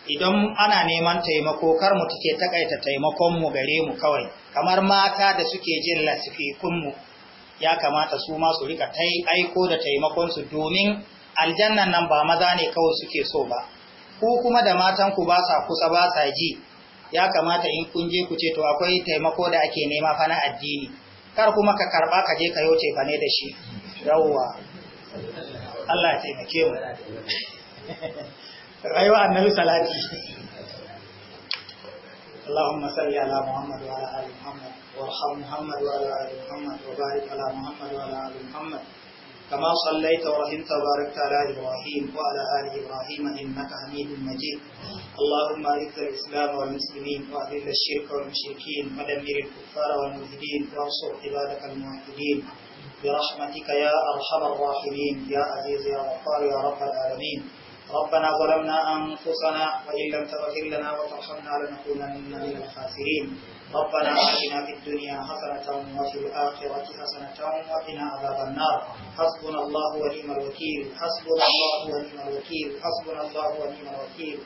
idan ana neman taimako kar mu take takaita taimakon mu gare mu kawai kamar mata da suke jin lasifikun mu ya kamata su ma su rika tai aiko da taimakon su domin aljannan nan ba maza ne kawai suke so ba ko kuma da matan ku ba sa kusa ba sa ji ya kamata in kun je ku ce to akwai taimako da ake nema fa na addini kar kuma ka karba ka je ka yauce fa ne da shi yawwa Allah ya taimake mu rayuwa annabi salati اللهم صل على محمد وعلى ال محمد وارحم محمد وعلى ال محمد وبارك على محمد وعلى ال محمد كما صليت ورحمت وباركت على ابراهيم وعلى ال ابراهيم انك حميد مجيد اللهم اعز الاسلام والمسلمين واذل الشرك والمشركين ودمر الكفار والمجرمين وانصر عبادك الموحدين برحمتك يا ارحم الراحمين يا عزيز يا غفار يا رب العالمين ربنا ظلمنا أنفسنا وإن لم تغفر لنا وترحمنا لنكونن من الخاسرين ربنا آتنا في الدنيا حسنة وفي الآخرة حسنة وقنا عذاب النار حسبنا الله ونعم الوكيل حسبنا الله ونعم الوكيل حسبنا الله ونعم الوكيل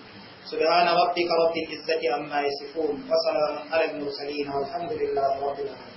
سبحان ربك رب العزة عما يصفون وسلام على المرسلين والحمد لله رب العالمين